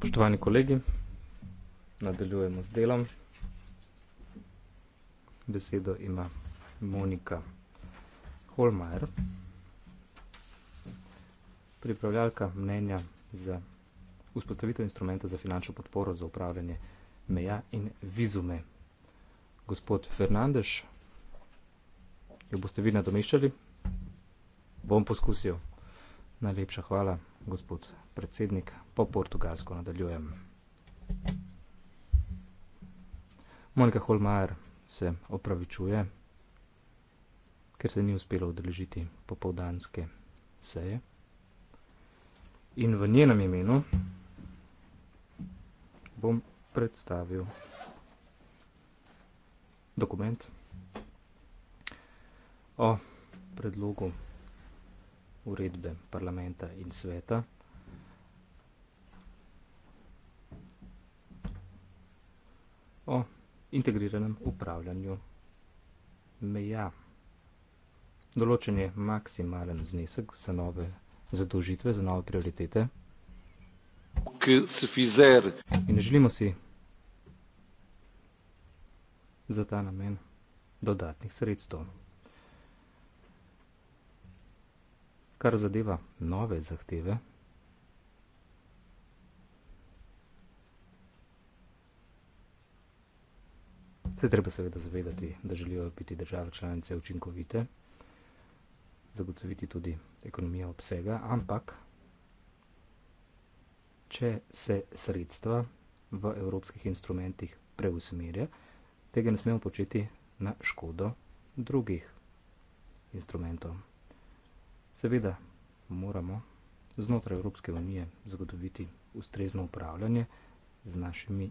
spoštovani kolegi nadaljujemo z delom besedo ima monika hohlmeier pripravljavka mnenja za vzpostavitev instrumenta za finančno podporo za upravljanje meja in vizume gospod fernandes jo boste vi nadomeščali bom poskusil Najlepša hvala, gospod predsednik. Po portugalsko nadaljujem. Monika Holmajer se opravičuje, ker se ni uspelo odrežiti popovdanske seje. In v njenem imenu bom predstavil dokument o predlogu uredbe parlamenta in sveta. O integriranem upravljanju meja. Določen je maksimalen znesek za nove zadolžitve, za nove prioritete. In želimo si za ta namen dodatnih sredstv. Kar zadeva nove zahteve, se treba seveda zavedati, da želijo biti države članice učinkovite, zagotoviti tudi ekonomijo obsega, ampak če se sredstva v evropskih instrumentih preusmerja, tega ne smemo početi na škodo drugih instrumentov. Seveda moramo znotraj Evropske unije zagotoviti ustrezno upravljanje z našimi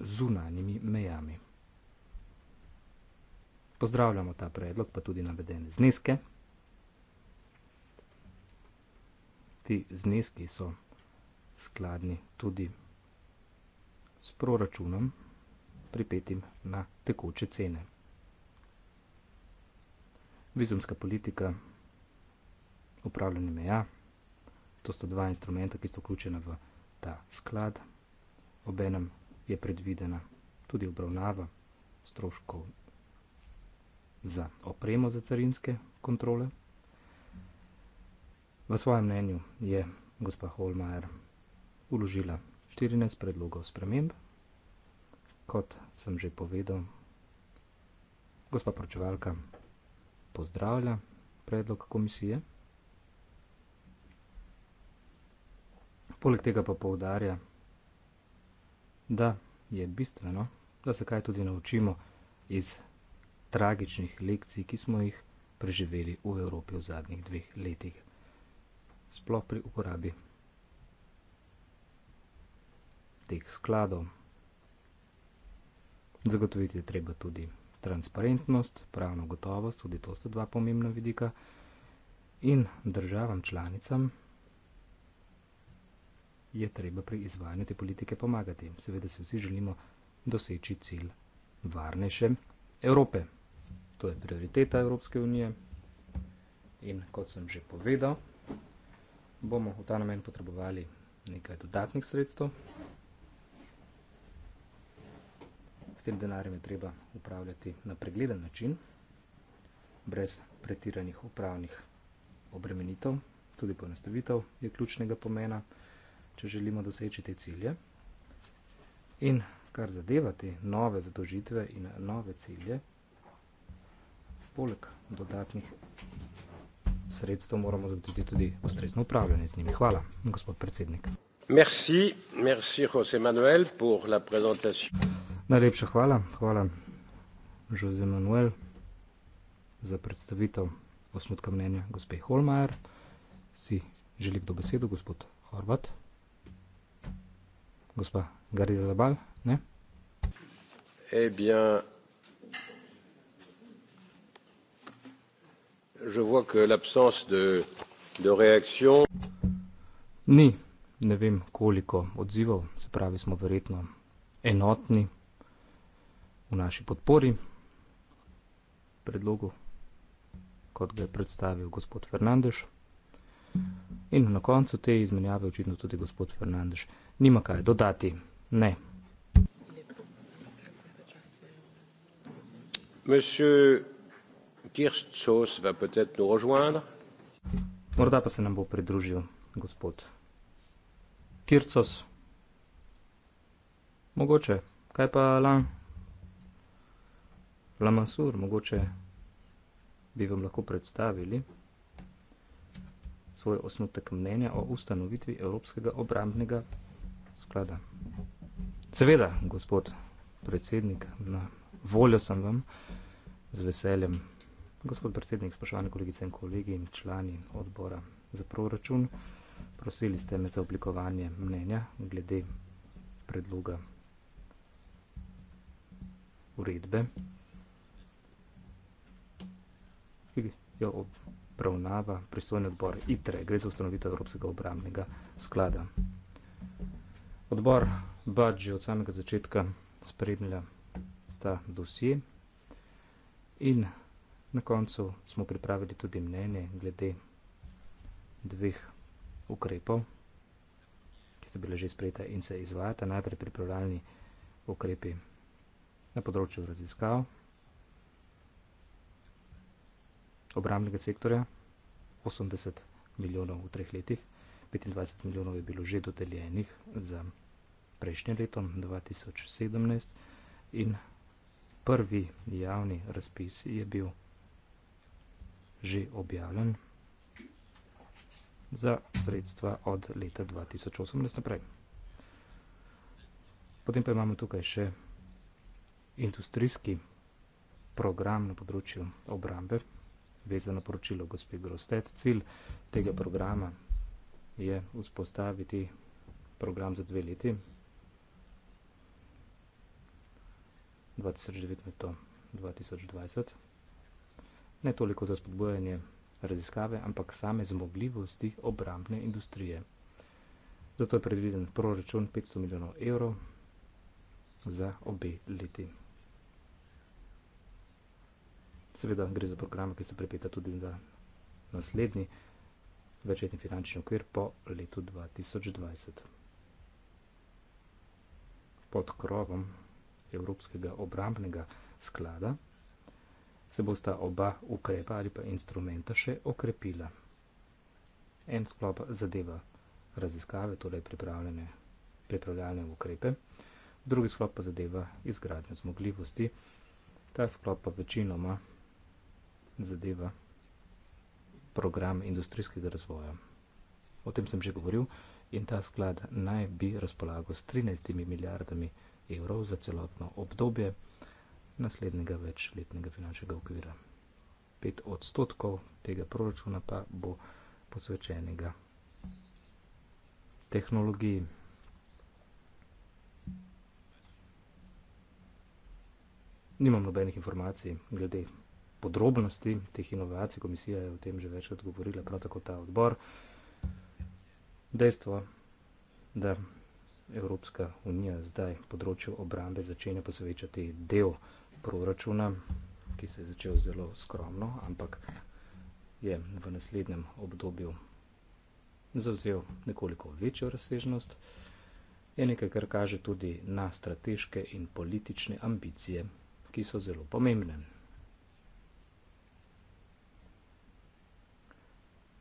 zunanjimi mejami. Pozdravljamo ta predlog, pa tudi navedene zneske. Ti zneski so skladni tudi s proračunom, pripetim na tekoče cene. Vizumska politika je upravljanje meja. To sta dva instrumenta, ki sta vključena v ta sklad. Obenem je predvidena tudi obravnava stroškov za opremo za carinske kontrole. V svojem mnenju je gospa Holmajer uložila 14 predlogov sprememb. Kot sem že povedal, gospa pročevalka pozdravlja predlog komisije. Poleg tega pa poudarja, da je bistveno, da se kaj tudi naučimo iz tragičnih lekcij, ki smo jih preživeli v Evropi v zadnjih dveh letih, sploh pri uporabi teh skladov. Zagotoviti je treba tudi transparentnost, pravno gotovost, tudi to sta dva pomembna vidika, in državam članicam, je treba pri izvajanju te politike pomagati. Seveda se vsi želimo doseči cilj varnejše Evrope. To je prioriteta Evropske unije. In kot sem že povedal, bomo v ta namen potrebovali nekaj dodatnih sredstev. S tem denarjem je treba upravljati na pregleden način, brez pretiranih upravnih obremenitev, tudi poenostavitev je ključnega pomena če želimo doseči te cilje. In kar zadeva te nove zadožitve in nove cilje, poleg dodatnih sredstv moramo zagotoviti tudi ustrezno upravljanje z njimi. Hvala, gospod predsednik. Merci, merci José Manuel, por la prezentacijo. Najlepša hvala, hvala José Manuel za predstavitev osnutka mnenja gospe Holmajer. Si želi kdo besedo, gospod Horvat? gospa Gardi Zabal, ne? Eh bien, je vois que l'absence de, de réaction. Ni, ne vem koliko odzivov, se pravi, smo verjetno enotni v naši podpori predlogu, kot ga je predstavil gospod Fernandeš. In na koncu te izmenjave očitno tudi gospod Fernandeš nima kaj dodati. Ne. Morda pa se nam bo pridružil gospod Kircos. Mogoče, kaj pa Lan? Lamasur, mogoče bi vam lahko predstavili svoj osnutek mnenja o ustanovitvi Evropskega obrambnega sklada. Seveda, gospod predsednik, na voljo sem vam z veseljem. Gospod predsednik, spoštovane kolegice in kolegi in člani odbora za proračun, prosili ste me za oblikovanje mnenja glede predloga uredbe, ki jo obravnava pristojni odbor ITRE, gre za ustanovitev Evropskega obramnega sklada. Odbor BAD že od samega začetka spremlja ta dosje in na koncu smo pripravili tudi mnenje glede dveh ukrepov, ki so bile že sprejete in se izvajata. Najprej pripravljalni ukrepi na področju raziskav, obramnega sektorja, 80 milijonov v treh letih, 25 milijonov je bilo že dodeljenih za vsega prejšnje leto 2017 in prvi javni razpis je bil že objavljen za sredstva od leta 2018 naprej. Potem pa imamo tukaj še industrijski program na področju obrambe, vezano poročilo gospe Grostet. Cilj tega programa je vzpostaviti program za dve leti, 2019-2020, ne toliko za spodbojanje raziskave, ampak same zmogljivosti obrambne industrije. Zato je predviden proračun 500 milijonov evrov za obe leti. Seveda gre za program, ki se prepeta tudi za naslednji večletni finančni okvir po letu 2020. Pod krovom Evropskega obrambnega sklada, se bosta oba ukrepa ali pa instrumenta še okrepila. En sklop zadeva raziskave, torej pripravljalne ukrepe, drugi sklop pa zadeva izgradnje zmogljivosti. Ta sklop pa večinoma zadeva program industrijskega razvoja. O tem sem že govoril in ta sklad naj bi razpolagal s 13 milijardami evrov evrov za celotno obdobje naslednjega večletnega finančnega okvira. 5 odstotkov tega proračuna pa bo posvečenega tehnologiji. Nimam nobenih informacij glede podrobnosti teh inovacij. Komisija je o tem že večkrat govorila, prav tako ta odbor. Dejstvo, da Evropska unija zdaj področju obrambe začenja posvečati del proračuna, ki se je začel zelo skromno, ampak je v naslednjem obdobju zauzel nekoliko večjo razsežnost, je nekaj, kar kaže tudi na strateške in politične ambicije, ki so zelo pomembne.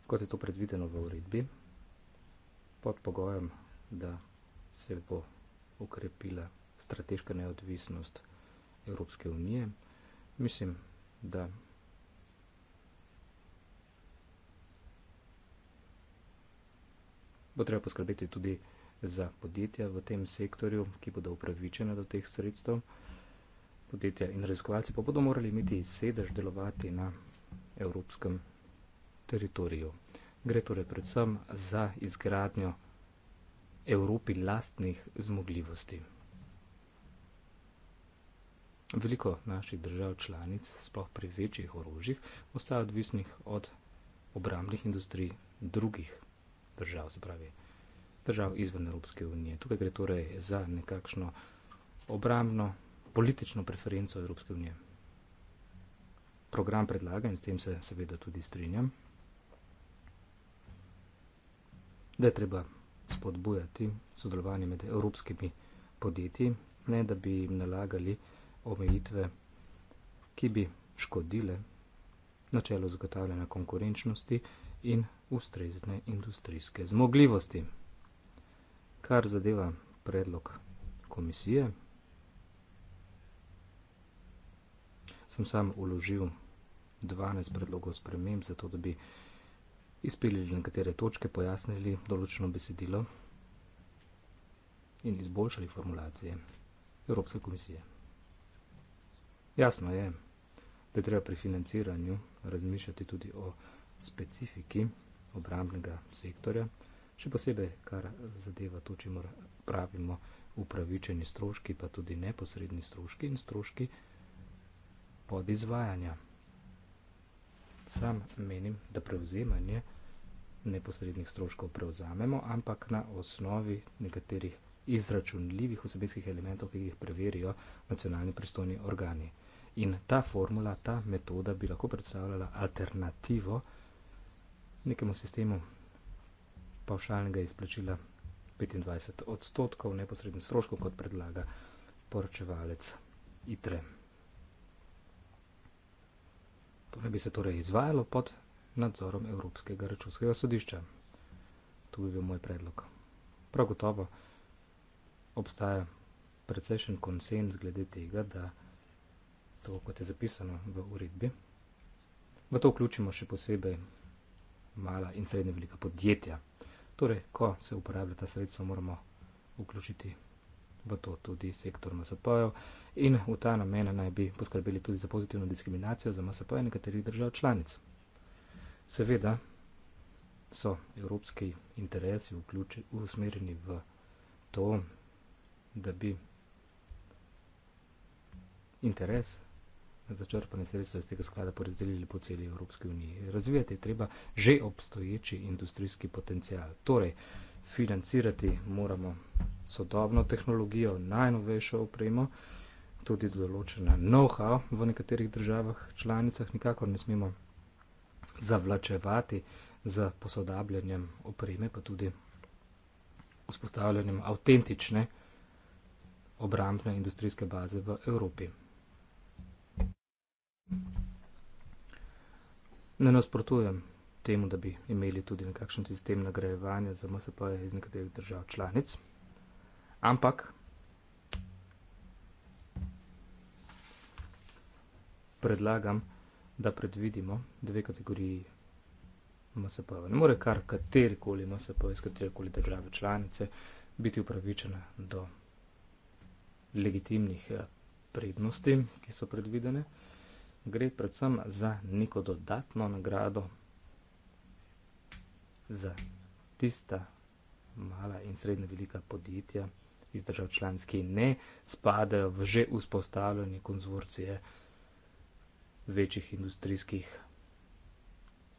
Kot je to predvideno v uredbi, pod pogojem, da se bo ukrepila strateška neodvisnost Evropske unije. Mislim, da bo treba poskrbeti tudi za podjetja v tem sektorju, ki bodo upravičena do teh sredstev. Podjetja in raziskovalci pa bodo morali imeti sedež delovati na evropskem teritoriju. Gre torej predvsem za izgradnjo Evropi lastnih zmogljivosti. Veliko naših držav članic, sploh pri večjih orožjih, ostaja odvisnih od obramnih industrij drugih držav, se pravi držav izven Evropske unije. Tukaj gre torej za nekakšno obramno politično preferenco Evropske unije. Program predlaga in s tem se seveda tudi strinjam, da je treba spodbujati sodelovanje med evropskimi podjetji, ne da bi jim nalagali omejitve, ki bi škodile načelu zagotavljanja konkurenčnosti in ustrezne industrijske zmogljivosti. Kar zadeva predlog komisije, sem sam uložil 12 predlogov sprememb, zato da bi izpilili nekatere točke, pojasnili določeno besedilo in izboljšali formulacije Evropske komisije. Jasno je, da je treba pri financiranju razmišljati tudi o specifiki obramnega sektorja, še posebej, kar zadeva to, če mora pravimo upravičeni stroški, pa tudi neposredni stroški in stroški podizvajanja. Sam menim, da prevzemanje vsega, neposrednih stroškov prevzamemo, ampak na osnovi nekaterih izračunljivih vsebinskih elementov, ki jih preverijo nacionalni pristojni organi. In ta formula, ta metoda bi lahko predstavljala alternativo nekemu sistemu pavšalnega izplačila 25 odstotkov neposrednih stroškov, kot predlaga poročevalec ITRE. Torej bi se torej izvajalo pod nadzorom Evropskega računskega sodišča. To bi bil moj predlog. Prav gotovo obstaja precejšen konsens glede tega, da to, kot je zapisano v uredbi, v to vključimo še posebej mala in srednje velika podjetja. Torej, ko se uporablja ta sredstva, moramo vključiti v to tudi sektor MSP-jev in v ta namen naj bi poskrbeli tudi za pozitivno diskriminacijo za MSP-je nekaterih držav članic. Seveda so evropski interesi usmerjeni v to, da bi interes za črpanje sredstva iz tega sklada porazdelili po celi Evropski uniji. Razvijati je treba že obstoječi industrijski potencial. Torej, financirati moramo sodobno tehnologijo, najnovejšo opremo, tudi določena know-how v nekaterih državah, članicah, nikakor ne smemo zavlačevati z posodabljanjem opreme, pa tudi vzpostavljanjem avtentične obrambne industrijske baze v Evropi. Ne nasprotujem temu, da bi imeli tudi nekakšen sistem nagrajevanja za MSP -e iz nekaterih držav članic, ampak predlagam, da predvidimo dve kategoriji MSP-ev. Ne more kar katerikoli MSP-ev iz katerikoli države članice biti upravičena do legitimnih eh, prednosti, ki so predvidene. Gre predvsem za neko dodatno nagrado za tista mala in srednje velika podjetja iz držav članic, ki ne spadajo v že vzpostavljeni konzorcije MSP-ev večjih industrijskih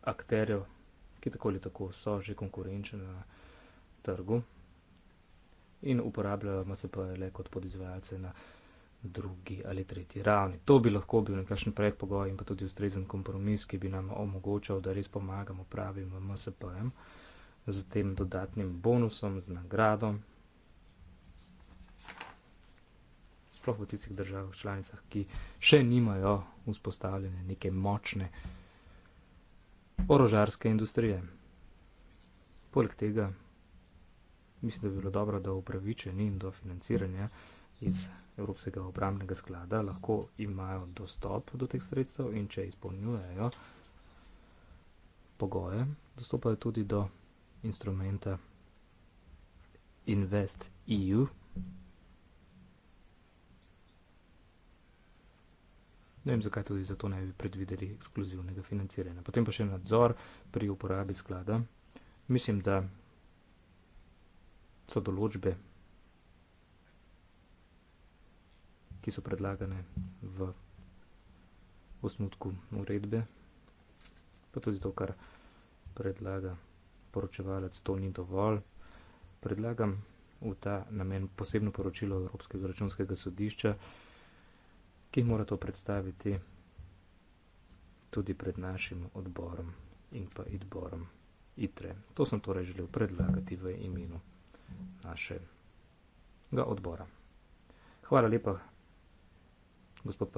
akterjev, ki tako ali tako so že konkurenčni na trgu in uporabljajo se pa le kot podizvajalce na drugi ali tretji ravni. To bi lahko bil nekakšen predpogoj in pa tudi ustrezen kompromis, ki bi nam omogočal, da res pomagamo pravim MSP-jem z tem dodatnim bonusom, z nagradom. sploh v tistih državah članicah, ki še nimajo vzpostavljene neke močne orožarske industrije. Poleg tega, mislim, da bi bilo dobro, da upravičeni in do financiranja iz Evropskega obramnega sklada lahko imajo dostop do teh sredstev in če izpolnjujejo pogoje, dostopajo tudi do instrumenta Invest EU, Ne vem, zakaj tudi zato ne bi predvideli ekskluzivnega financiranja. Potem pa še nadzor pri uporabi sklada. Mislim, da so določbe, ki so predlagane v osnutku uredbe, pa tudi to, kar predlaga poročevalec, to ni dovolj. Predlagam v ta namen posebno poročilo Evropskega računskega sodišča, ki jih mora to predstaviti tudi pred našim odborom in pa idborom ITRE. To sem torej želel predlagati v imenu našega odbora. Hvala lepa, gospod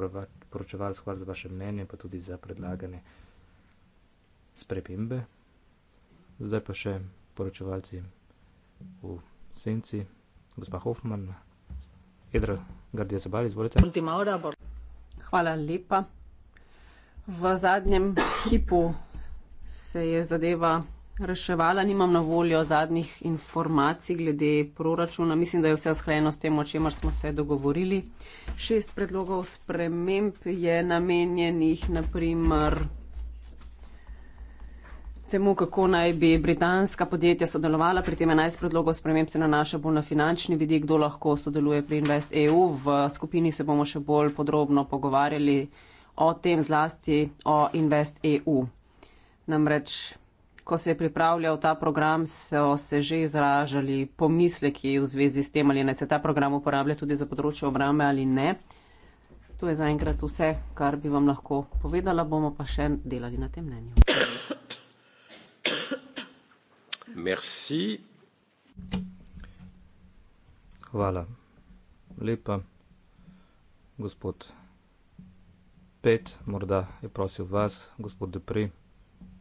poročeval, hvala za vaše mnenje, pa tudi za predlagane sprepimbe. Zdaj pa še poročevalci v senci, gospa Hofman, Edra Gardija Zabali, izvolite. Proti Maura, bo. Hvala lepa. V zadnjem hipu se je zadeva reševala, nimam na voljo zadnjih informacij glede proračuna. Mislim, da je vse usklajeno s tem, o čemer smo se dogovorili. Šest predlogov sprememb je namenjenih naprimer temu, kako naj bi britanska podjetja sodelovala. Pri tem 11 predlogov sprememb se nanaša bolj na finančni vidik, kdo lahko sodeluje pri Invest EU. V skupini se bomo še bolj podrobno pogovarjali o tem zlasti o Invest EU. Namreč, ko se je pripravljal ta program, so se že izražali pomisleki v zvezi s tem, ali naj se ta program uporablja tudi za področje obrambe ali ne. To je zaenkrat vse, kar bi vam lahko povedala, bomo pa še delali na tem mnenju. Hvala lepa. Gospod Pet, morda je prosil vas, gospod Depri,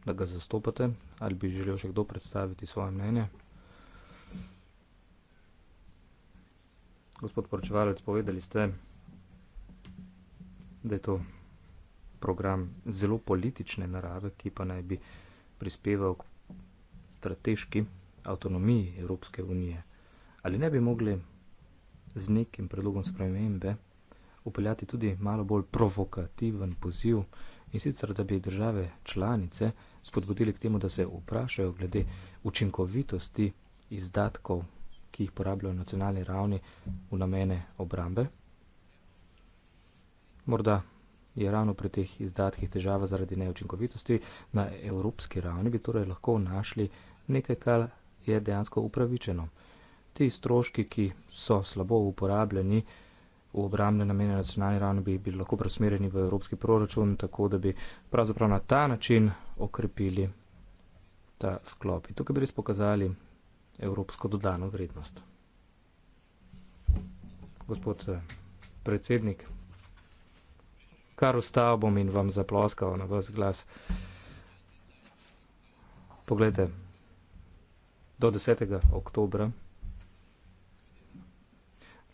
da ga zastopate. Ali bi želel še kdo predstaviti svoje mnenje? Gospod poročevalec, povedali ste, da je to program zelo politične narave, ki pa naj bi prispeval k strateški avtonomiji Evropske unije, ali ne bi mogli z nekim predlogom spremembe upeljati tudi malo bolj provokativen poziv in sicer, da bi države članice spodbudili k temu, da se vprašajo glede učinkovitosti izdatkov, ki jih porabljajo na nacionalni ravni v namene obrambe. Morda je ravno pri teh izdatkih težava zaradi neučinkovitosti, na evropski ravni bi torej lahko našli nekaj, kar je dejansko upravičeno. Ti stroški, ki so slabo uporabljeni v obramne namene na nacionalni ravni, bi bili lahko presmerjeni v evropski proračun, tako da bi pravzaprav na ta način okrepili ta sklop. In tukaj bi res pokazali evropsko dodano vrednost. Gospod eh, predsednik, kar ostavo bom in vam zaploskal na vas glas. Poglejte do 10. oktobra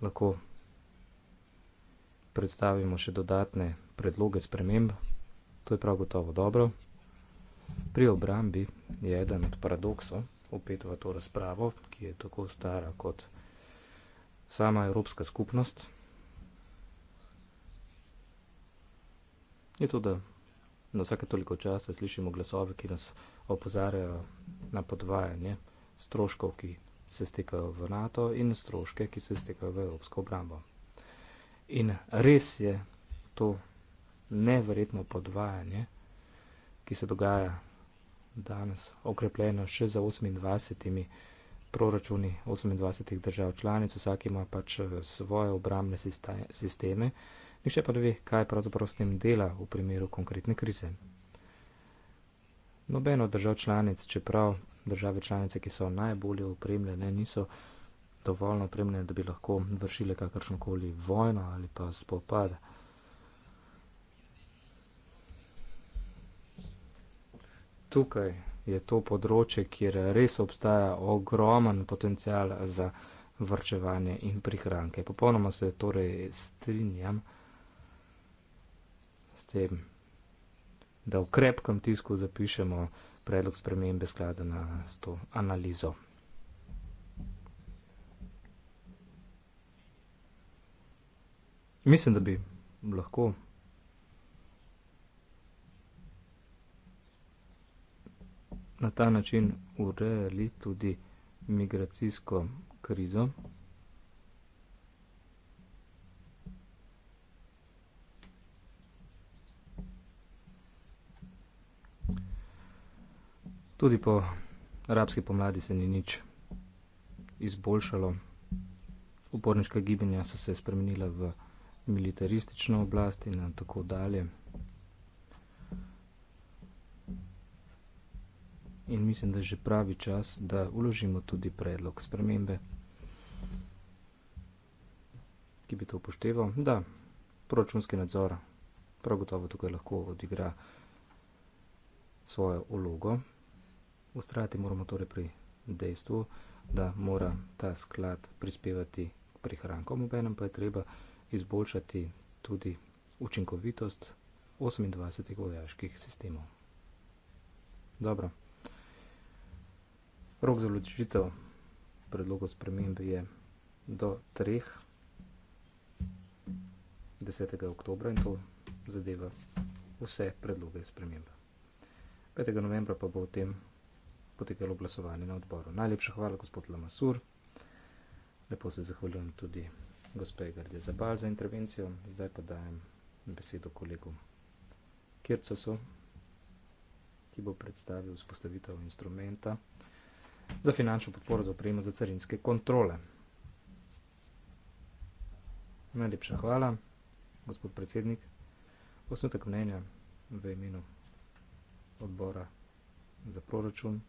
lahko predstavimo še dodatne predloge sprememb. To je prav gotovo dobro. Pri obrambi je eden od paradoksov, opet v to razpravo, ki je tako stara kot sama Evropska skupnost, je to, da na vsake toliko časa slišimo glasove, ki nas opozarjajo na podvajanje, stroškov, ki se stekajo v NATO in stroške, ki se stekajo v Evropsko obrambo. In res je to neverjetno podvajanje, ki se dogaja danes, okrepljeno še za 28 proračuni 28 držav članic, vsak ima pač eh, svoje obrambne sisteme, nihče pa ne ve, kaj pravzaprav s tem dela v primeru konkretne krize. Nobeno držav članic, čeprav države članice, ki so najbolje opremljene, niso dovolj opremljene, da bi lahko vršile kakršnokoli vojno ali pa spopade. Tukaj je to področje, kjer res obstaja ogromen potencial za vrčevanje in prihranke. Popolnoma se torej strinjam s tem da v krepkem tisku zapišemo predlog spremembe sklada na to analizo. Mislim, da bi lahko. Na ta način urejali tudi migracijsko krizo. Tudi po arabski pomladi se ni nič izboljšalo. Uporniška gibanja so se spremenila v militaristično oblast in tako dalje. In mislim, da je že pravi čas, da uložimo tudi predlog spremembe, ki bi to upošteval. Da, proračunski nadzor prav gotovo tukaj lahko odigra svojo ulogo ustrajati moramo torej pri dejstvu, da mora ta sklad prispevati k prihrankom, obenem pa je treba izboljšati tudi učinkovitost 28 vojaških sistemov. Dobro. Rok za ločitev predlogov spremembe je do 3. 10. oktobra in to zadeva vse predloge spremembe. 5. novembra pa bo o tem potekalo glasovanje na odboru. Najlepša hvala, gospod Lamasur. Lepo se zahvaljujem tudi gospe Gardje Zabal za intervencijo. Zdaj pa dajem besedo kolegu Kircosu, ki bo predstavil vzpostavitev instrumenta za finančno podporo za opremo za carinske kontrole. Najlepša hvala, gospod predsednik. Osnotek mnenja v imenu odbora za proračun.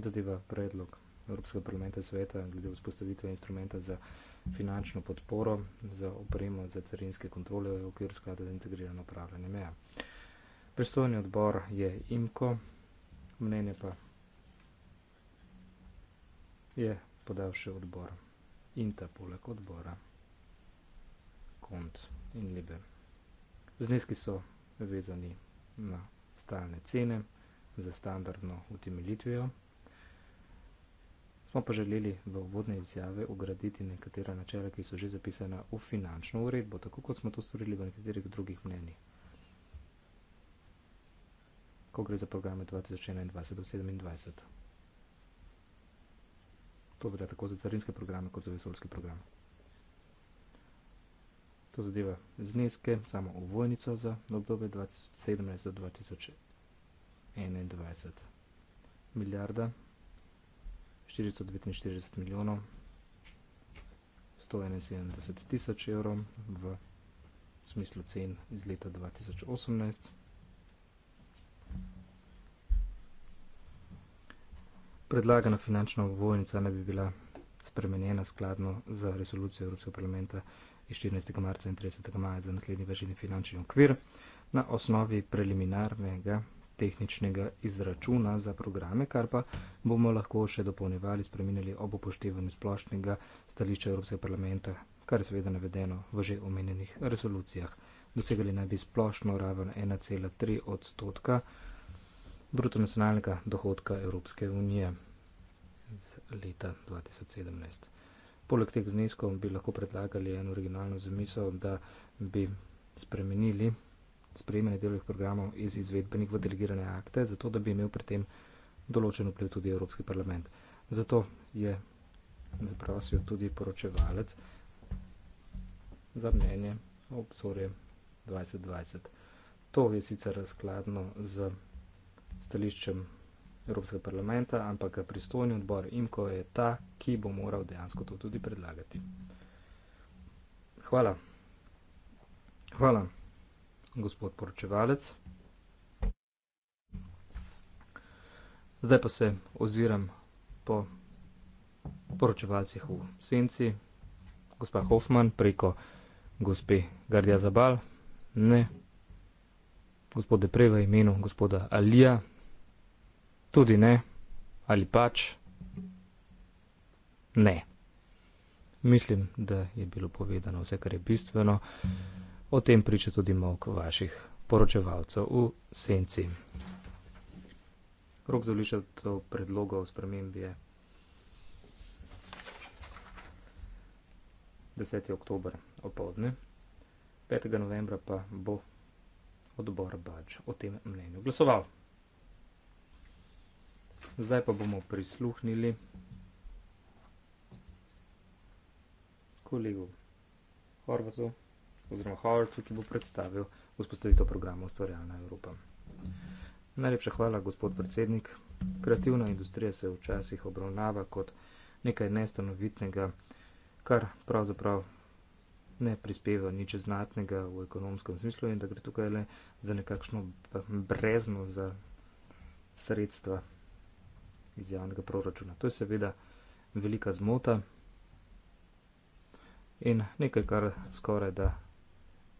zadeva predlog Evropskega parlamenta sveta glede vzpostavitve instrumenta za finančno podporo za opremo za carinske kontrole v okviru sklada za integrirano upravljanje meja. Pristojni odbor je IMKO, mnenje pa je podal še odbor INTA poleg odbora KONT in LIBE. Zneski so vezani na stalne cene za standardno utemeljitvijo smo pa želeli v uvodne izjave ugraditi nekatera načela, ki so že zapisana v finančno uredbo, tako kot smo to storili v nekaterih drugih mnenjih. Ko gre za programe 2021 do 2027. To velja tako za carinske programe, kot za vesoljske programe. To zadeva zneske, samo uvojnico za obdobje 2017 do 2021. Milijarda 449 milijonov 171 tisoč evrov v smislu cen iz leta 2018. Predlagana finančna obvojnica ne bi bila spremenjena skladno za resolucijo Evropskega parlamenta iz 14. marca in 30. maja za naslednji večini finančni okvir na osnovi preliminarnega tehničnega izračuna za programe, kar pa bomo lahko še dopolnjevali, spremenili ob upoštevanju splošnega stališča Evropskega parlamenta, kar je seveda navedeno v že omenjenih rezolucijah. Dosegali naj bi splošno raven 1,3 odstotka brutonacionalnega dohodka Evropske unije z leta 2017. Poleg teh zneskov bi lahko predlagali eno originalno zamisel, da bi spremenili sprejemanje delovnih programov iz izvedbenih v delegirane akte, zato da bi imel pri tem določen vpliv tudi Evropski parlament. Zato je zaprosil tudi poročevalec za mnenje o obzorje 2020. To je sicer razkladno z stališčem Evropskega parlamenta, ampak pristojni odbor IMKO je ta, ki bo moral dejansko to tudi predlagati. Hvala. Hvala gospod poročevalec. Zdaj pa se oziram po poročevalcih v senci. Gospa Hoffman preko gospe Gardija Zabal. Ne. Gospod Depreva imenu gospoda Alija. Tudi ne. Ali pač. Ne. Mislim, da je bilo povedano vse, kar je bistveno. Mm. O tem priča tudi mok vaših poročevalcev v senci. Rok za ulišitev predloga o spremembi je 10. oktober opoldne, 5. novembra pa bo odbor Bač o tem mnenju glasoval. Zdaj pa bomo prisluhnili kolegu Horvatu oziroma Howardu, ki bo predstavil vzpostavitev programa Ustvarjalna Evropa. Najlepša hvala, gospod predsednik. Kreativna industrija se včasih obravnava kot nekaj nestanovitnega, kar pravzaprav ne prispeva nič znatnega v ekonomskem smislu in da gre tukaj le za nekakšno brezno za sredstva iz javnega proračuna. To je seveda velika zmota in nekaj, kar skoraj da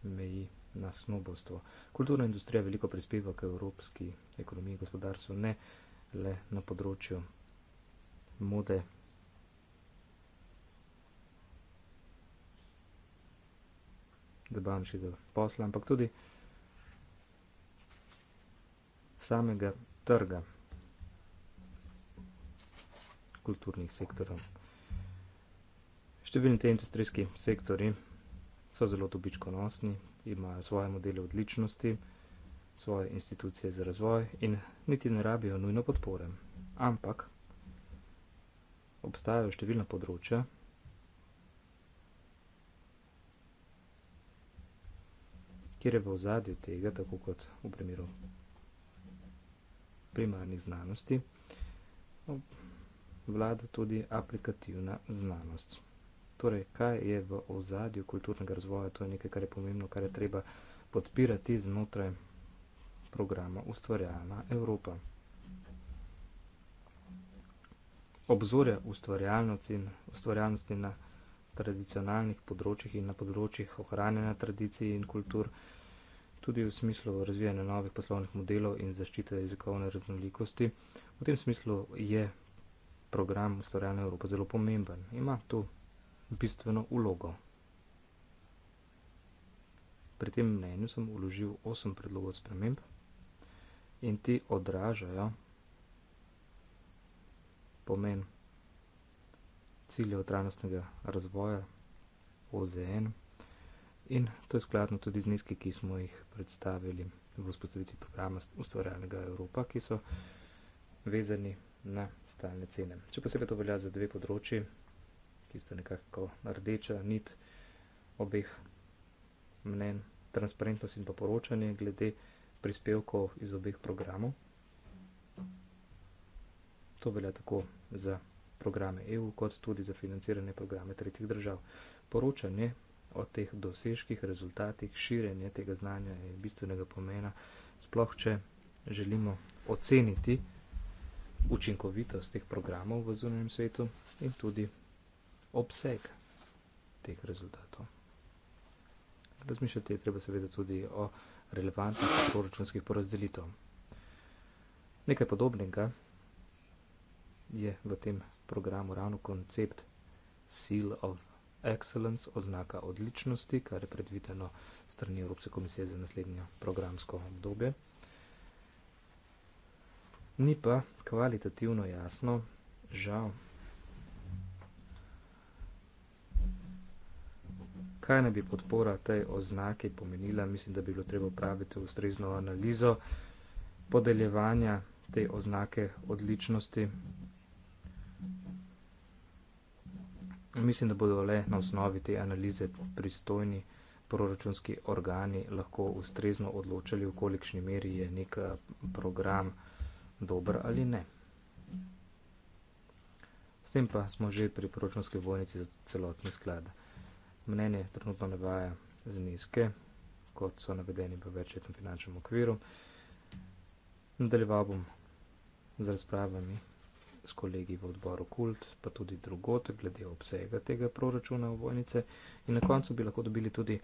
meji na snobostvo. Kulturna industrija veliko prispeva k evropski ekonomiji in gospodarstvu, ne le na področju mode. Zabavnega posla, ampak tudi samega trga kulturnih sektorov. Številni te industrijski sektori so zelo dobičkonosni, imajo svoje modele odličnosti, svoje institucije za razvoj in niti ne rabijo nujno podpore. Ampak obstajajo številna področja, kjer je v ozadju tega, tako kot v primeru primarnih znanosti, vlada tudi aplikativna znanost. Torej, kaj je v ozadju kulturnega razvoja, to je nekaj, kar je pomembno, kar je treba podpirati znotraj programa Ustvarjalna Evropa. Obzorja ustvarjalnosti, ustvarjalnosti na tradicionalnih področjih in na področjih ohranjanja tradicij in kultur, tudi v smislu razvijanja novih poslovnih modelov in zaščite jezikovne raznolikosti, v tem smislu je program Ustvarjalna Evropa zelo pomemben. Ima tu bistveno ulogo. Pri tem mnenju sem uložil 8 predlogov sprememb in ti odražajo pomen ciljev trajnostnega razvoja OZN in to je skladno tudi z nizki, ki smo jih predstavili v vzpostaviti programa ustvarjalnega Evropa, ki so vezani na stalne cene. Če posebej to velja za dve področji, tisto nekako rdeča nit obeh mnen, transparentnost in pa poročanje glede prispevkov iz obeh programov. To velja tako za programe EU, kot tudi za financirane programe tretjih držav. Poročanje o teh dosežkih, rezultatih, širenje tega znanja je bistvenega pomena, sploh če želimo oceniti učinkovitost teh programov v zunanjem svetu in tudi obseg teh rezultatov. Razmišljati je treba seveda tudi o relevantnih proračunskih porazdelitev. Nekaj podobnega je v tem programu ravno koncept Seal of Excellence, oznaka odličnosti, kar je predvideno strani Evropske komisije za naslednjo programsko obdobje. Ni pa kvalitativno jasno, žal, kaj ne bi podpora tej oznaki pomenila. Mislim, da bi bilo treba upraviti ustrezno analizo podeljevanja te oznake odličnosti. Mislim, da bodo le na osnovi te analize pristojni proračunski organi lahko ustrezno odločali, v kolikšni meri je nek eh, program dober ali ne. S tem pa smo že pri proračunski vojnici za celotni sklad mnenje trenutno navaja zneske, kot so navedeni v večletnem finančnem okviru. Nadaljeval bom z razpravami s kolegi v odboru Kult, pa tudi drugot, glede obsega tega proračuna v vojnice. In na koncu bi lahko dobili tudi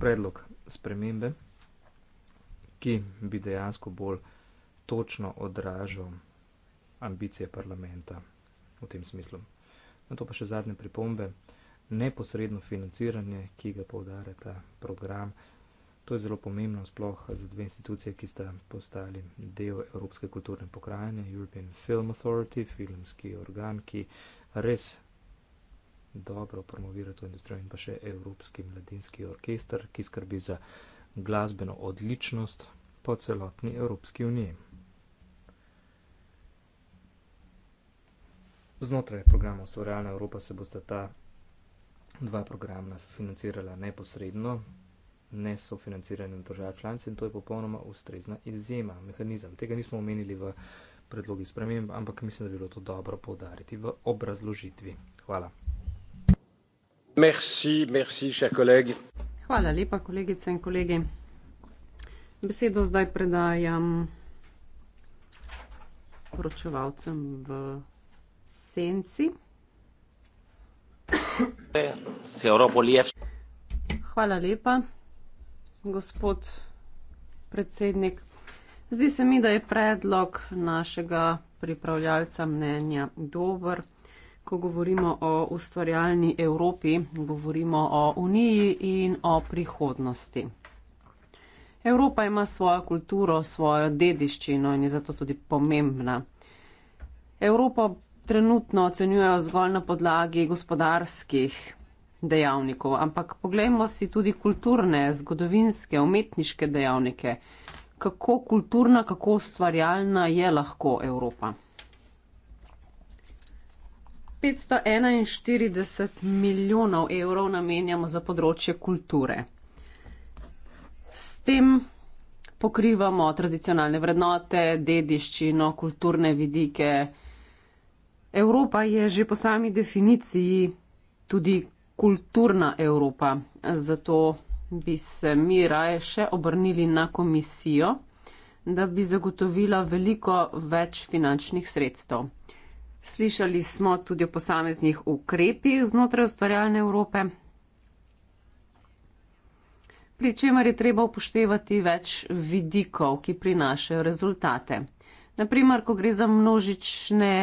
predlog spremembe, ki bi dejansko bolj točno odražal ambicije parlamenta v tem smislu. Na to pa še zadnje pripombe. Neposredno financiranje, ki ga povdarja ta program, to je zelo pomembno, sploh za dve institucije, ki sta postali del Evropske kulturne pokrajine, European Film Authority, filmski organ, ki res dobro promovira to industrijo in pa še Evropski mladinski orkester, ki skrbi za glasbeno odličnost po celotni Evropski uniji. Znotraj programa Sovrealna Evropa se bosta ta dva programa financirala neposredno, ne sofinanciranjem držav članic in to je popolnoma ustrezna izjema, mehanizem. Tega nismo omenili v predlogi sprememb, ampak mislim, da bi bilo to dobro povdariti v obrazložitvi. Hvala. Merci, merci, Hvala lepa, kolegice in kolegi. Besedo zdaj predajam poročevalcem v senci. Hvala lepa, gospod predsednik. Zdi se mi, da je predlog našega pripravljalca mnenja dober. Ko govorimo o ustvarjalni Evropi, govorimo o uniji in o prihodnosti. Evropa ima svojo kulturo, svojo dediščino in je zato tudi pomembna. Evropa trenutno ocenjujejo zgolj na podlagi gospodarskih dejavnikov, ampak poglejmo si tudi kulturne, zgodovinske, umetniške dejavnike. Kako kulturna, kako ustvarjalna je lahko Evropa? 541 milijonov evrov namenjamo za področje kulture. S tem pokrivamo tradicionalne vrednote, dediščino, kulturne vidike, Evropa je že po sami definiciji tudi kulturna Evropa, zato bi se mi raje še obrnili na komisijo, da bi zagotovila veliko več finančnih sredstev. Slišali smo tudi o posameznih ukrepih znotraj ustvarjalne Evrope, pri čemer je treba upoštevati več vidikov, ki prinašajo rezultate. Naprimer, ko gre za množične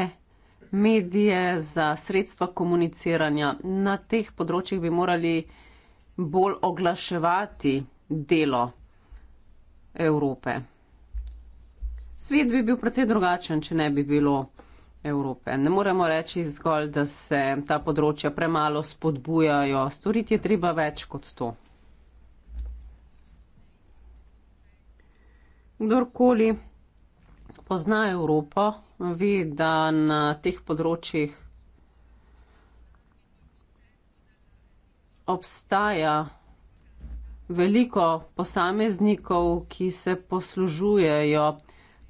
medije, za sredstva komuniciranja. Na teh področjih bi morali bolj oglaševati delo Evrope. Svet bi bil precej drugačen, če ne bi bilo Evrope. Ne moremo reči zgolj, da se ta področja premalo spodbujajo. Storiti je treba več kot to. Kdorkoli pozna Evropo, ve, da na teh področjih obstaja veliko posameznikov, ki se poslužujejo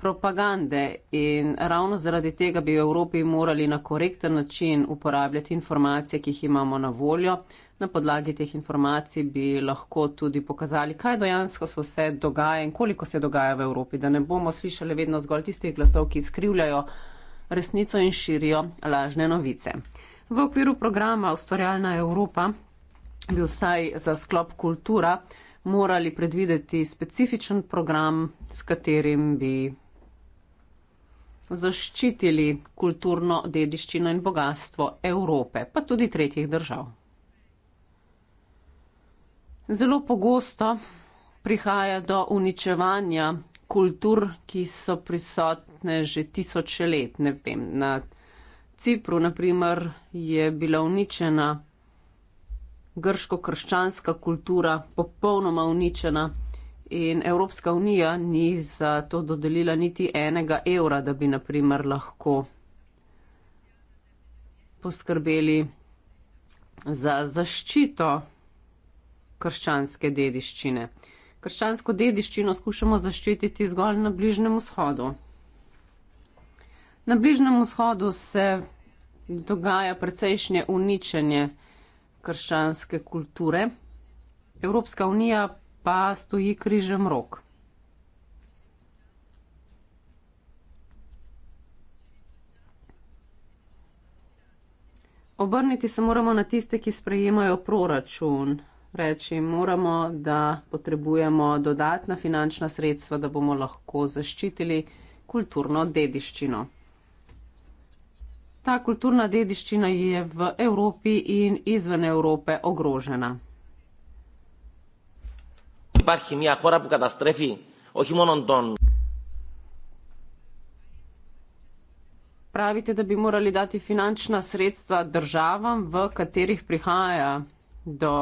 propagande in ravno zaradi tega bi v Evropi morali na korekten način uporabljati informacije, ki jih imamo na voljo, na podlagi teh informacij bi lahko tudi pokazali, kaj dejansko so se dogaja in koliko se dogaja v Evropi, da ne bomo slišali vedno zgolj tistih glasov, ki skrivljajo resnico in širijo lažne novice. V okviru programa Ustvarjalna Evropa bi vsaj za sklop kultura morali predvideti specifičen program, s katerim bi zaščitili kulturno dediščino in bogatstvo Evrope, pa tudi tretjih držav. Zelo pogosto prihaja do uničevanja kultur, ki so prisotne že tisoče let. Ne vem, na Cipru naprimer je bila uničena grško-krščanska kultura, popolnoma uničena in Evropska unija ni za to dodelila niti enega evra, da bi naprimer lahko poskrbeli za zaščito krščanske dediščine. Krščansko dediščino skušamo zaščititi zgolj na Bližnem vzhodu. Na Bližnem vzhodu se dogaja precejšnje uničenje krščanske kulture, Evropska unija pa stoji križem rok. Obrniti se moramo na tiste, ki sprejemajo proračun, reči, moramo, da potrebujemo dodatna finančna sredstva, da bomo lahko zaščitili kulturno dediščino. Ta kulturna dediščina je v Evropi in izven Evrope ogrožena. Pravite, da bi morali dati finančna sredstva državam, v katerih prihaja do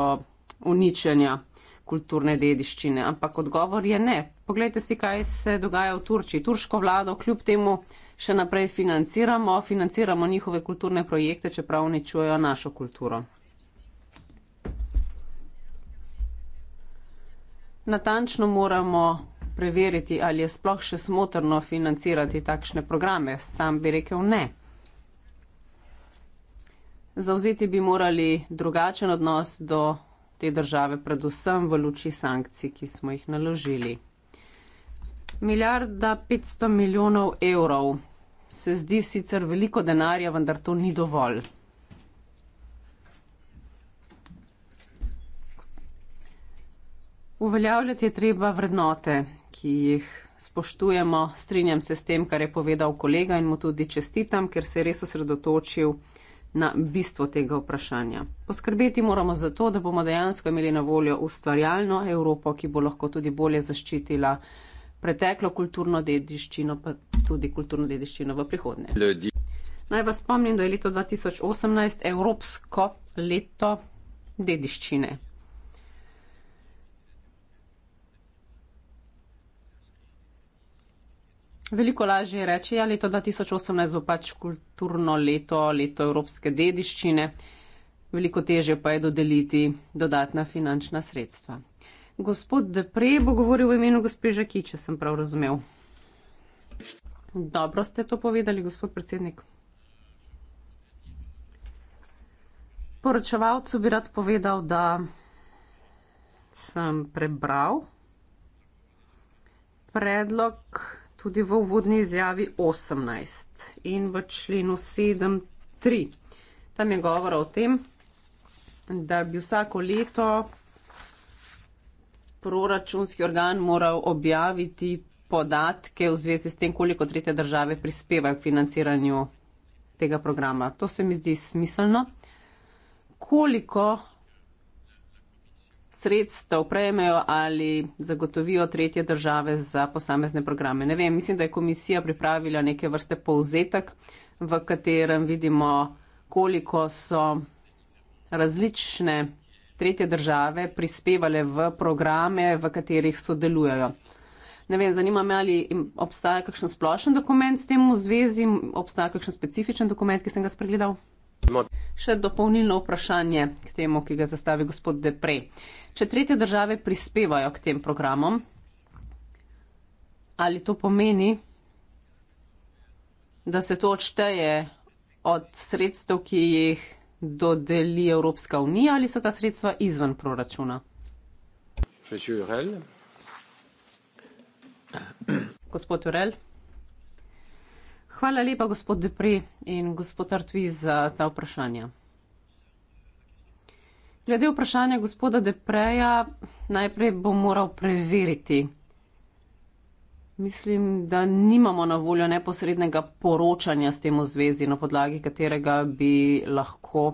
uničenja kulturne dediščine. Ampak odgovor je ne. Poglejte si, kaj se dogaja v Turčiji. Turško vlado kljub temu še naprej financiramo, financiramo njihove kulturne projekte, čeprav uničujejo našo kulturo. Natančno moramo preveriti, ali je sploh še smotrno financirati takšne programe. Sam bi rekel ne. Zauzeti bi morali drugačen odnos do te države, predvsem v luči sankcij, ki smo jih naložili. Milijarda 500 milijonov evrov se zdi sicer veliko denarja, vendar to ni dovolj. Uveljavljati je treba vrednote, ki jih spoštujemo. Strinjam se s tem, kar je povedal kolega in mu tudi čestitam, ker se je res osredotočil na bistvo tega vprašanja. Poskrbeti moramo za to, da bomo dejansko imeli na voljo ustvarjalno Evropo, ki bo lahko tudi bolje zaščitila preteklo kulturno dediščino, pa tudi kulturno dediščino v prihodnje. Ljudi. Naj vas spomnim, da je leto 2018 Evropsko leto dediščine. Veliko lažje je reči, da ja, leto 2018 bo pač kulturno leto, leto evropske dediščine, veliko teže pa je dodeliti dodatna finančna sredstva. Gospod Deprej bo govoril v imenu gospe Žaki, če sem prav razumel. Dobro ste to povedali, gospod predsednik. Poročevalcu bi rad povedal, da sem prebral predlog tudi v uvodni izjavi 18 in v členu 7.3. Tam je govora o tem, da bi vsako leto proračunski organ moral objaviti podatke v zvezi s tem, koliko tretje države prispevajo k financiranju tega programa. To se mi zdi smiselno. Koliko sredstev prejmejo ali zagotovijo tretje države za posamezne programe. Ne vem, mislim, da je komisija pripravila neke vrste povzetek, v katerem vidimo, koliko so različne tretje države prispevale v programe, v katerih sodelujejo. Ne vem, zanima me, ali obstaja kakšen splošen dokument s tem v zvezi, obstaja kakšen specifičen dokument, ki sem ga spregledal. No. Še dopolnilno vprašanje k temu, ki ga zastavi gospod Depre. Če tretje države prispevajo k tem programom, ali to pomeni, da se to odšteje od sredstev, ki jih dodeli Evropska unija, ali so ta sredstva izven proračuna? Gospod Urel. Hvala lepa, gospod Depre in gospod Artvis za ta vprašanja. Glede vprašanja gospoda Depreja, najprej bom moral preveriti. Mislim, da nimamo na voljo neposrednega poročanja s tem v zvezi, na podlagi katerega bi lahko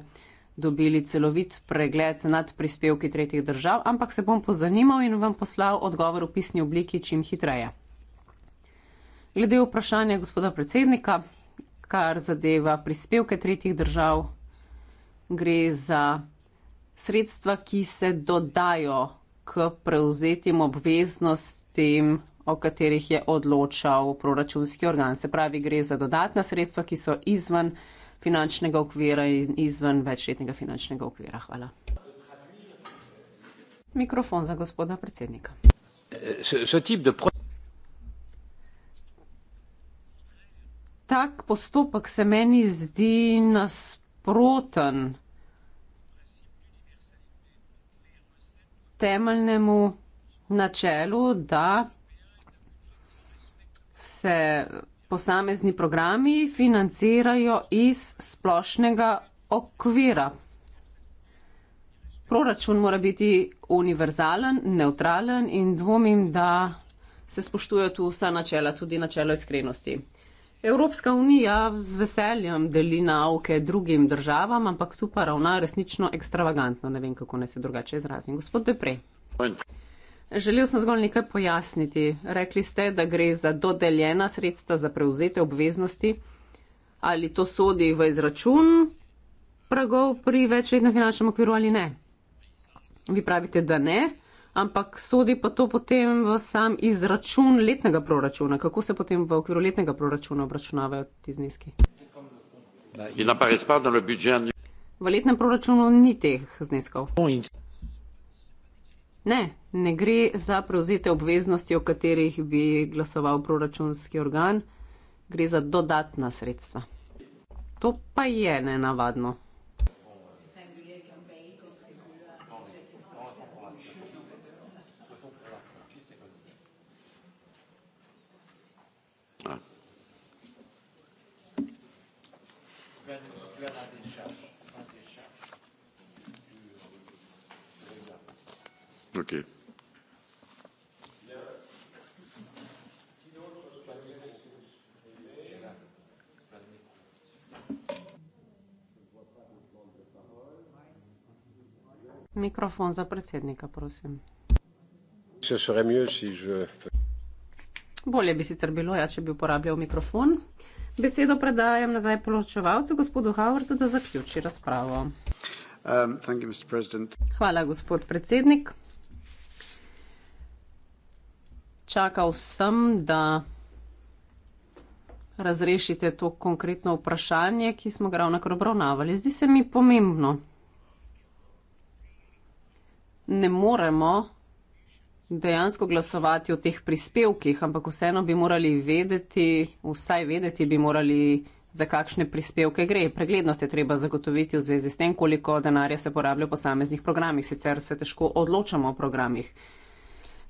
dobili celovit pregled nad prispevki tretjih držav, ampak se bom pozanimal in vam poslal odgovor v pisni obliki čim hitreje. Glede vprašanja gospoda predsednika, kar zadeva prispevke tretjih držav, gre za sredstva, ki se dodajo k prevzetim obveznostim, o katerih je odločal proračunski organ. Se pravi, gre za dodatna sredstva, ki so izven finančnega okvira in izven večletnega finančnega okvira. Hvala. Mikrofon za gospoda predsednika. tak postopek se meni zdi nasproten temeljnemu načelu, da se posamezni programi financirajo iz splošnega okvira. Proračun mora biti univerzalen, neutralen in dvomim, da se spoštujejo tu vsa načela, tudi načelo iskrenosti. Evropska unija z veseljem deli nauke drugim državam, ampak tu pa ravna resnično ekstravagantno. Ne vem, kako naj se drugače izrazim. Gospod Deprej. Želel sem zgolj nekaj pojasniti. Rekli ste, da gre za dodeljena sredstva za prevzete obveznosti. Ali to sodi v izračun pragov pri večletnem finančnem okviru ali ne? Vi pravite, da ne ampak sodi pa to potem v sam izračun letnega proračuna. Kako se potem v okviru letnega proračuna obračunavajo ti zneski? V letnem proračunu ni teh zneskov. Oh, ne, ne gre za prevzete obveznosti, o katerih bi glasoval proračunski organ, gre za dodatna sredstva. To pa je nenavadno. Okay. Mikrofon za predsednika, prosim. Bolje bi sicer bilo, ja, če bi uporabljal mikrofon. Besedo predajam nazaj poročevalcu, gospodu Howardu, da zaključi razpravo. Um, you, Hvala, gospod predsednik. čakal sem, da razrešite to konkretno vprašanje, ki smo ga ravno obravnavali. Zdi se mi pomembno. Ne moremo dejansko glasovati o teh prispevkih, ampak vseeno bi morali vedeti, vsaj vedeti bi morali, za kakšne prispevke gre. Preglednost je treba zagotoviti v zvezi s tem, koliko denarja se porablja v posameznih programih, sicer se težko odločamo o programih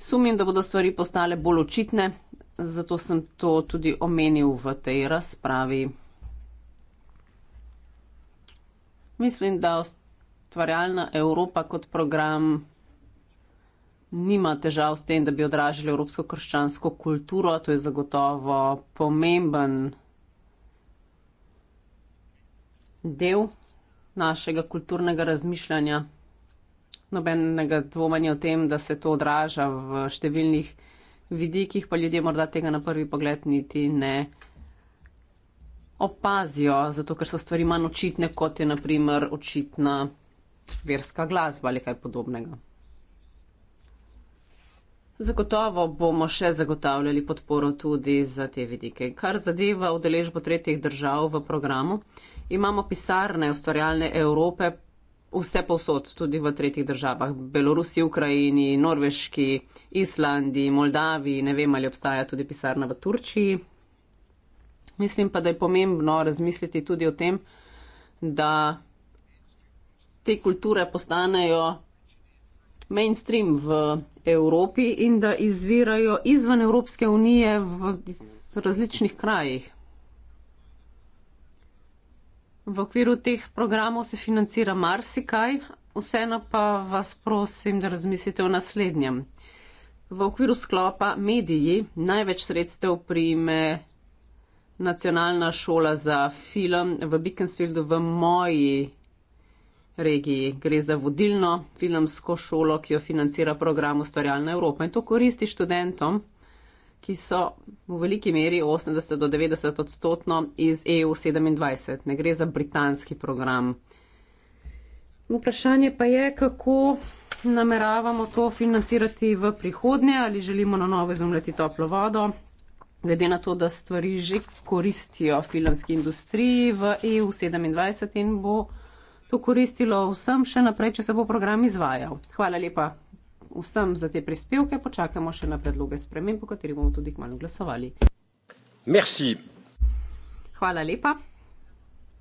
sumim, da bodo stvari postale bolj očitne, zato sem to tudi omenil v tej razpravi. Mislim, da ustvarjalna Evropa kot program nima težav s tem, da bi odražali evropsko krščansko kulturo, to je zagotovo pomemben del našega kulturnega razmišljanja nobenega dvoma ni o tem, da se to odraža v številnih vidikih, pa ljudje morda tega na prvi pogled niti ne opazijo, zato ker so stvari manj očitne, kot je naprimer očitna verska glasba ali kaj podobnega. Zagotovo bomo še zagotavljali podporo tudi za te vidike. Kar zadeva udeležbo tretjih držav v programu, imamo pisarne ustvarjalne Evrope, vse posod, tudi v tretjih državah, Belorusiji, Ukrajini, Norveški, Islandiji, Moldaviji, ne vem ali obstaja tudi pisarna v Turčiji. Mislim pa, da je pomembno razmisliti tudi o tem, da te kulture postanejo mainstream v Evropi in da izvirajo izven Evropske unije v različnih krajih. V okviru teh programov se financira marsikaj, vseeno pa vas prosim, da razmislite o naslednjem. V okviru sklopa mediji največ sredstev prime nacionalna šola za film v Bikensfieldu v moji regiji. Gre za vodilno filmsko šolo, ki jo financira program Ustvarjalna Evropa in to koristi študentom ki so v veliki meri 80 do 90 odstotno iz EU27, ne gre za britanski program. Vprašanje pa je, kako nameravamo to financirati v prihodnje, ali želimo na novo izumljati toplo vodo. Glede na to, da stvari že koristijo filmski industriji v EU27 in bo to koristilo vsem še naprej, če se bo program izvajal. Hvala lepa, vsem za te prispevke, počakamo še na predloge sprememb, po katerih bomo tudi kmalo glasovali. Merci. Hvala lepa.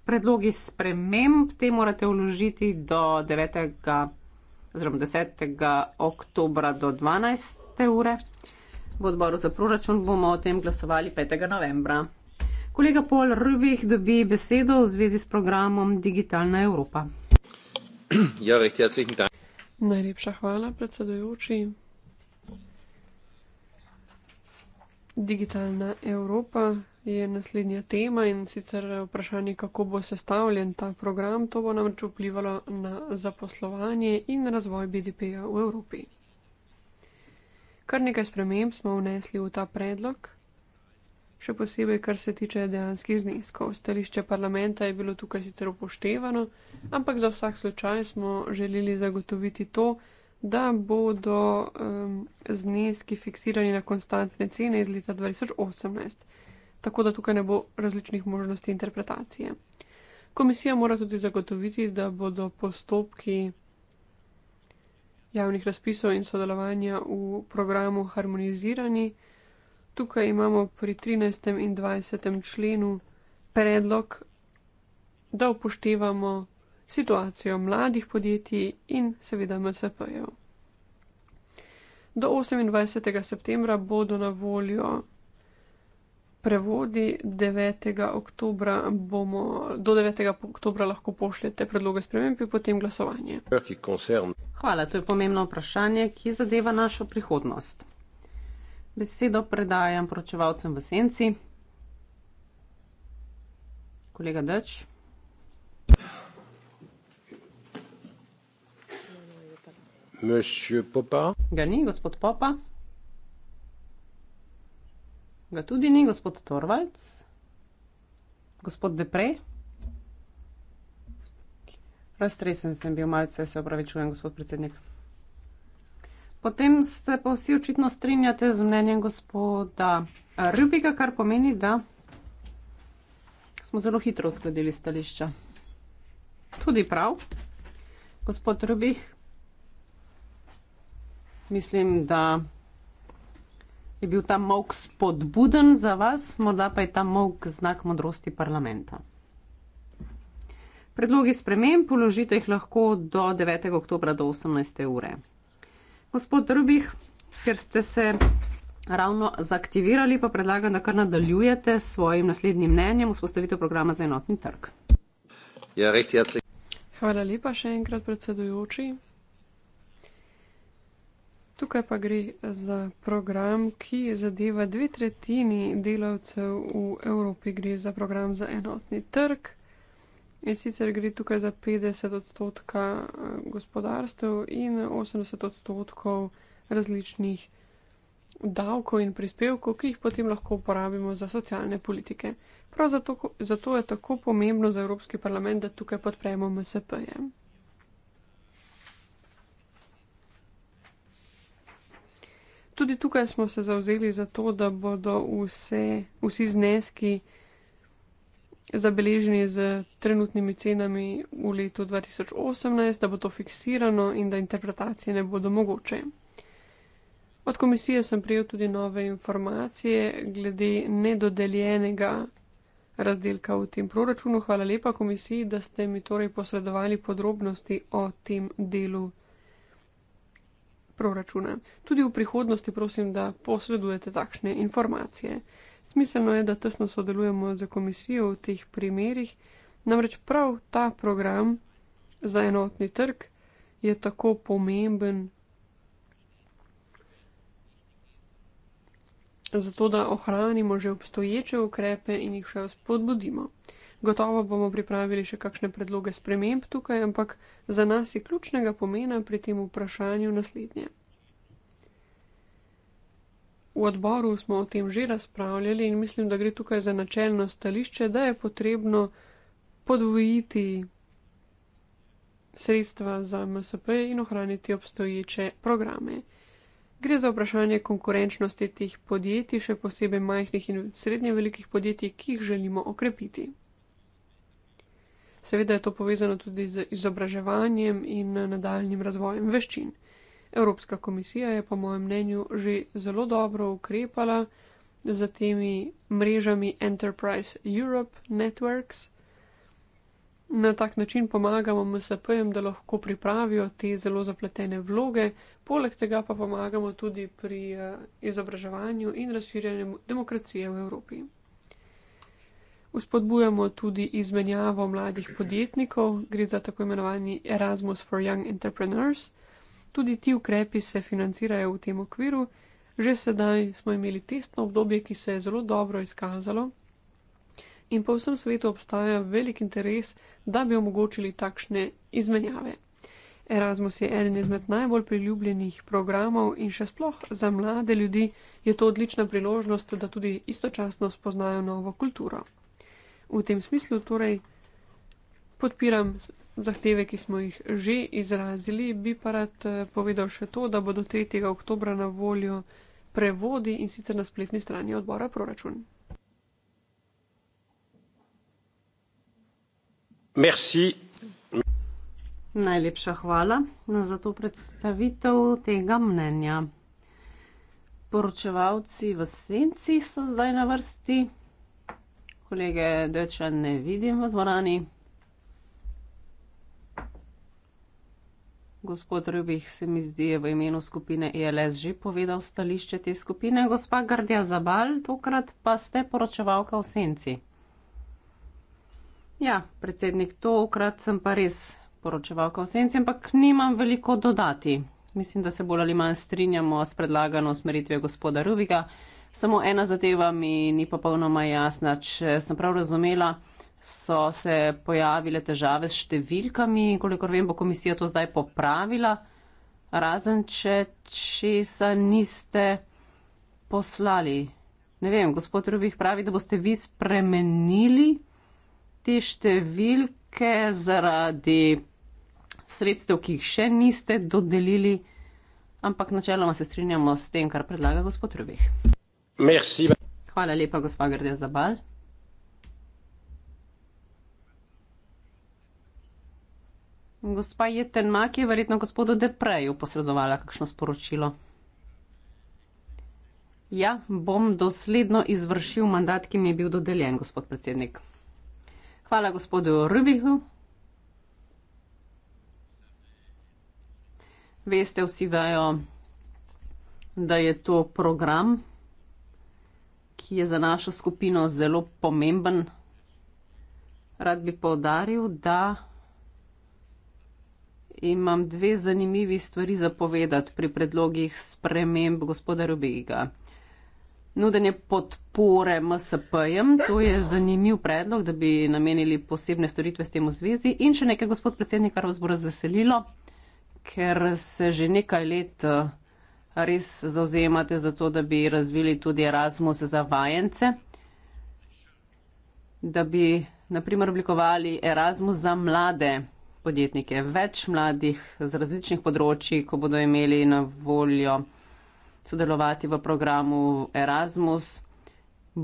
Predlogi sprememb te morate vložiti do 9. oziroma 10. oktobra do 12. ure. V odboru za proračun bomo o tem glasovali 5. novembra. Kolega Pol Rubih dobi besedo v zvezi s programom Digitalna Evropa. Ja, recht herzlichen Dank. Najlepša hvala, predsedujoči. Digitalna Evropa je naslednja tema in sicer vprašanje, kako bo sestavljen ta program. To bo namreč vplivalo na zaposlovanje in razvoj BDP-ja v Evropi. Kar nekaj sprememb smo vnesli v ta predlog še posebej, kar se tiče dejanskih zneskov. Stališče parlamenta je bilo tukaj sicer upoštevano, ampak za vsak slučaj smo želeli zagotoviti to, da bodo um, zneski fiksirani na konstantne cene iz leta 2018, tako da tukaj ne bo različnih možnosti interpretacije. Komisija mora tudi zagotoviti, da bodo postopki javnih razpisov in sodelovanja v programu harmonizirani tukaj imamo pri 13. in 20. členu predlog, da upoštevamo situacijo mladih podjetij in seveda MSP-jev. Do 28. septembra bodo na voljo prevodi, 9. oktobra bomo, do 9. oktobra lahko pošljete predloge sprememb in potem glasovanje. Hvala, to je pomembno vprašanje, ki zadeva našo prihodnost. Besedo predajam poročevalcem v senci. Kolega Dač. Ga ni, gospod Popa. Ga tudi ni, gospod Torvalds. Gospod Depre. Raztresen sem bil malce, se opravičujem, gospod predsednik. Potem se pa vsi očitno strinjate z mnenjem gospoda eh, Rubika, kar pomeni, da smo zelo hitro uskladili stališča. Tudi prav, gospod Rubik, mislim, da je bil ta mok spodbuden za vas, morda pa je ta mok znak modrosti parlamenta. Predlogi spremem položite jih lahko do 9. oktobra do 18. ure gospod Drbih, ker ste se ravno zaaktivirali, pa predlagam, da kar nadaljujete s svojim naslednjim mnenjem vzpostavitev programa za enotni trg. Ja, rekti jaz. Hvala lepa še enkrat predsedujoči. Tukaj pa gre za program, ki zadeva dve tretjini delavcev v Evropi. Gre za program za enotni trg. In sicer gre tukaj za 50 odstotkov eh, gospodarstv in 80 odstotkov različnih davkov in prispevkov, ki jih potem lahko uporabimo za socialne politike. Prav zato, zato je tako pomembno za Evropski parlament, da tukaj podpremo MSP-je. Tudi tukaj smo se zauzeli za to, da bodo vse, vsi zneski zabeleženi z trenutnimi cenami v letu 2018, da bo to fiksirano in da interpretacije ne bodo mogoče. Od komisije sem prijel tudi nove informacije glede nedodeljenega razdelka v tem proračunu. Hvala lepa komisiji, da ste mi torej posredovali podrobnosti o tem delu proračuna. Tudi v prihodnosti prosim, da posredujete takšne informacije smiselno je, da tesno sodelujemo z komisijo v teh primerjih, namreč prav ta program za enotni trg je tako pomemben, zato da ohranimo že obstoječe ukrepe in jih še spodbudimo. Gotovo bomo pripravili še kakšne predloge sprememb tukaj, ampak za nas je ključnega pomena pri tem vprašanju naslednje. V odboru smo o tem že razpravljali in mislim, da gre tukaj za načelno stališče, da je potrebno podvojiti sredstva za MSP in ohraniti obstoječe programe. Gre za vprašanje konkurenčnosti teh podjetij, še posebej majhnih in srednje velikih podjetij, ki jih želimo okrepiti. Seveda je to povezano tudi z izobraževanjem in nadaljnim razvojem veščin. Evropska komisija je po mojem mnenju že zelo dobro ukrepala za temi mrežami Enterprise Europe Networks. Na tak način pomagamo MSP-jem, da lahko pripravijo te zelo zapletene vloge, poleg tega pa pomagamo tudi pri eh, izobraževanju in razširjanju demokracije v Evropi. Uspodbujamo tudi izmenjavo mladih podjetnikov, gre za tako imenovani Erasmus for Young Entrepreneurs. Tudi ti ukrepi se financirajo v tem okviru. Že sedaj smo imeli testno obdobje, ki se je zelo dobro izkazalo in po vsem svetu obstaja velik interes, da bi omogočili takšne izmenjave. Erasmus je eden izmed najbolj priljubljenih programov in še sploh za mlade ljudi je to odlična priložnost, da tudi istočasno spoznajo novo kulturo. V tem smislu torej podpiram zahteve, ki smo jih že izrazili, bi pa rad eh, povedal še to, da bodo 3. oktober na voljo prevodi in sicer na spletni strani odbora proračun. Merci. Najlepša hvala no, za to predstavitev tega mnenja. Poročevalci v senci so zdaj na vrsti. Kolege Deča ne vidim v dvorani. Gospod Rubih se mi zdi v imenu skupine ILS e že povedal stališče te skupine. Gospa Gardja Zabal, tokrat pa ste poročevalka v senci. Ja, predsednik, tokrat sem pa res poročevalka v senci, ampak nimam veliko dodati. Mislim, da se bolj ali manj strinjamo s predlagano smeritvijo gospoda Rubiga. Samo ena zadeva mi ni popolnoma jasna, če sem prav razumela so se pojavile težave s številkami, kolikor vem, bo komisija to zdaj popravila, razen če česa niste poslali. Ne vem, gospod Rubih pravi, da boste vi spremenili te številke zaradi sredstev, ki jih še niste dodelili, ampak načeloma se strinjamo s tem, kar predlaga gospod Rubih. Merci. Hvala lepa, gospod Grdez Zabal. Gospa Jetenmak je verjetno gospodu Depreju posredovala kakšno sporočilo. Ja, bom dosledno izvršil mandat, ki mi je bil dodeljen, gospod predsednik. Hvala gospodu Rubihu. Veste, vsi vejo, da je to program, ki je za našo skupino zelo pomemben. Rad bi povdaril, da imam dve zanimivi stvari zapovedati pri predlogih sprememb gospoda Rubega. Nudenje podpore MSP-jem, to je zanimiv predlog, da bi namenili posebne storitve s tem v zvezi. In še nekaj, gospod predsednik, kar vas bo razveselilo, ker se že nekaj let eh, res zauzemate za to, da bi razvili tudi Erasmus za vajence, da bi naprimer oblikovali Erasmus za mlade podjetnike, več mladih z različnih področji, ko bodo imeli na voljo sodelovati v programu Erasmus,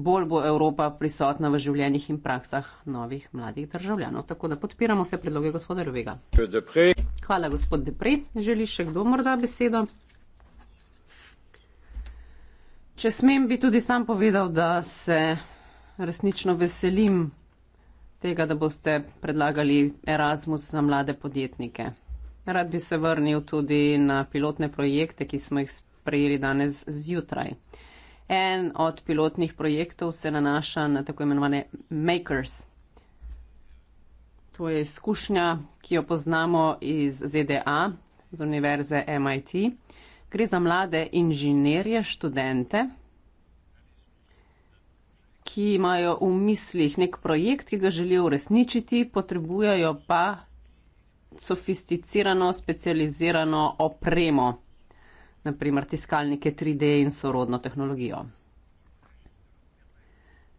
bolj bo Evropa prisotna v življenjih in praksah novih mladih državljanov. Tako da podpiramo vse predloge gospoda Rovega. Hvala, gospod Depre. Želi še kdo morda besedo? Če smem, bi tudi sam povedal, da se resnično veselim tega, da boste predlagali Erasmus za mlade podjetnike. Rad bi se vrnil tudi na pilotne projekte, ki smo jih sprejeli danes zjutraj. En od pilotnih projektov se nanaša na tako imenovane makers. To je izkušnja, ki jo poznamo iz ZDA, z univerze MIT. Gre za mlade inženirje, študente, ki imajo v mislih nek projekt, ki ga želijo uresničiti, potrebujajo pa sofisticirano, specializirano opremo, naprimer tiskalnike 3D in sorodno tehnologijo.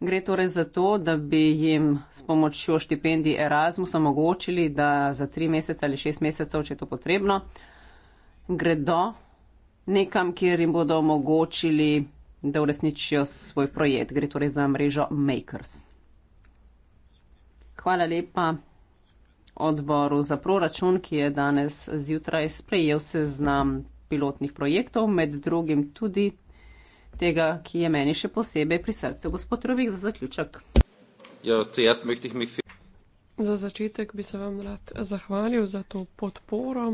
Gre torej za to, da bi jim s pomočjo štipendij Erasmus omogočili, da za tri mesece ali šest mesecev, če je to potrebno, gredo nekam, kjer jim bodo omogočili da uresničijo svoj projekt. Gre torej za mrežo Makers. Hvala lepa odboru za proračun, ki je danes zjutraj sprejel seznam pilotnih projektov, med drugim tudi tega, ki je meni še posebej pri srcu. Gospod Rovik, za zaključek. Ja, cijest, mih, mih. Za začetek bi se vam rad zahvalil za to podporo.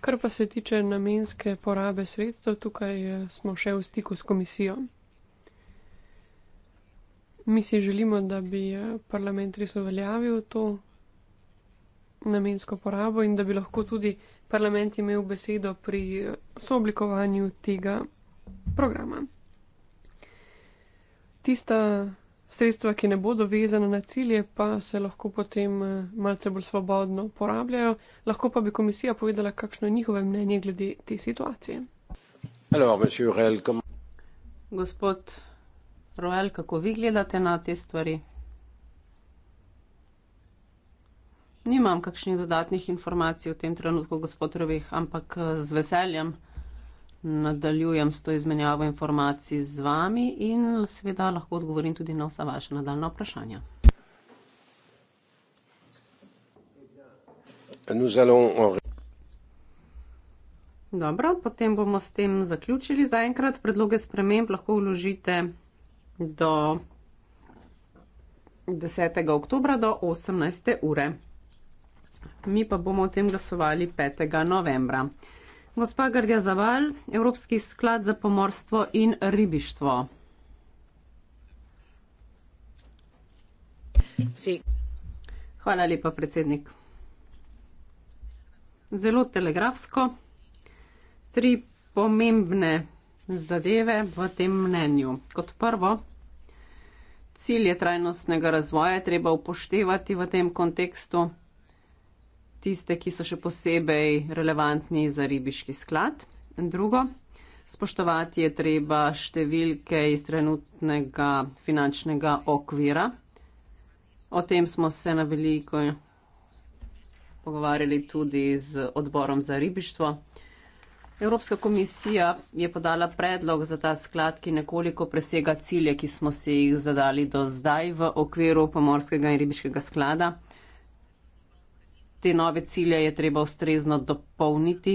Kar pa se tiče namenske porabe sredstev, tukaj eh, smo še v stiku s komisijo. Mi si želimo, da bi eh, parlament res uveljavil to namensko porabo in da bi lahko tudi parlament imel besedo pri eh, sooblikovanju tega programa. Tista sredstva, ki ne bodo vezana na cilje, pa se lahko potem eh, malce bolj svobodno porabljajo. Lahko pa bi komisija povedala, kakšno je njihove mnenje glede te situacije. Hello, Gospod Roel, kako vi gledate na te stvari? Nimam kakšnih dodatnih informacij v tem trenutku, gospod Rovih, ampak eh, z veseljem nadaljujem s to izmenjavo informacij z vami in seveda lahko odgovorim tudi na vsa vaša nadaljna vprašanja. Dobro, potem bomo s tem zaključili zaenkrat. Predloge sprememb lahko vložite do 10. oktobra do 18. ure. Mi pa bomo o tem glasovali 5. novembra. Gospa Grdja Zaval, Evropski sklad za pomorstvo in ribištvo. Si. Hvala lepa, predsednik. Zelo telegrafsko. Tri pomembne zadeve v tem mnenju. Kot prvo, cilje trajnostnega razvoja treba upoštevati v tem kontekstu tiste, ki so še posebej relevantni za ribiški sklad. In drugo, spoštovati je treba številke iz trenutnega finančnega okvira. O tem smo se na veliko pogovarjali tudi z odborom za ribištvo. Evropska komisija je podala predlog za ta sklad, ki nekoliko presega cilje, ki smo si jih zadali do zdaj v okviru pomorskega in ribiškega sklada te nove cilje je treba ustrezno dopolniti,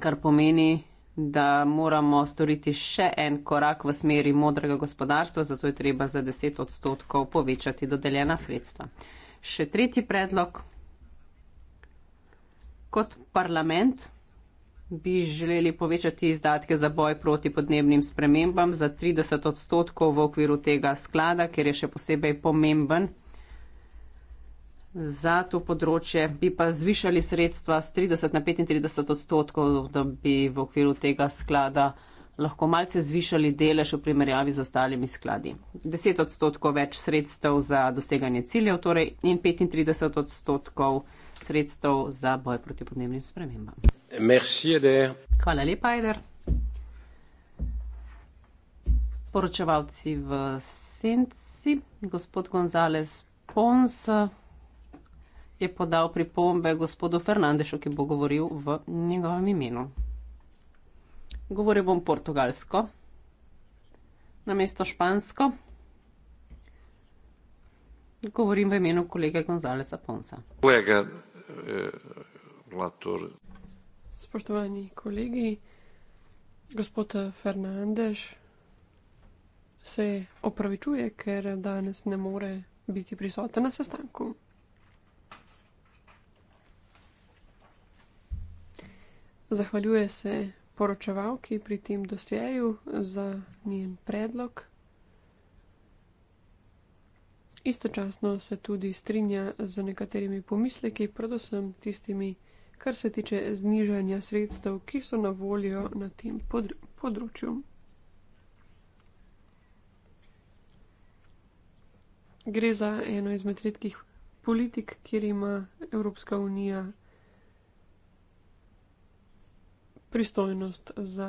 kar pomeni, da moramo storiti še en korak v smeri modrega gospodarstva, zato je treba za 10 odstotkov povečati dodeljena sredstva. Še tretji predlog. Kot parlament bi želeli povečati izdatke za boj proti podnebnim spremembam za 30 odstotkov v okviru tega sklada, ker je še posebej pomemben za to področje, bi pa zvišali sredstva z 30 na 35 odstotkov, da bi v okviru tega sklada lahko malce zvišali delež v primerjavi z ostalimi skladi. 10 odstotkov več sredstev za doseganje ciljev torej, in 35 odstotkov sredstev za boj proti podnebnim spremembam. Merci, Hvala lepa, Eder. Poročevalci v Senci, gospod Gonzales Pons je podal pripombe gospodu Fernandešu, ki bo govoril v njegovem imenu. Govoril bom portugalsko, na mesto špansko. Govorim v imenu kolega Gonzalesa Ponsa. Kolega, eh, Spoštovani kolegi, gospod Fernandeš se opravičuje, ker danes ne more biti prisoten na sestanku. Zahvaljuje se poročevalki pri tem dosjeju za njen predlog. Istočasno se tudi strinja z nekaterimi pomisleki, predvsem tistimi, kar se tiče znižanja sredstev, ki so na voljo na tem podr področju. Gre za eno izmed redkih politik, kjer ima Evropska unija pristojnost za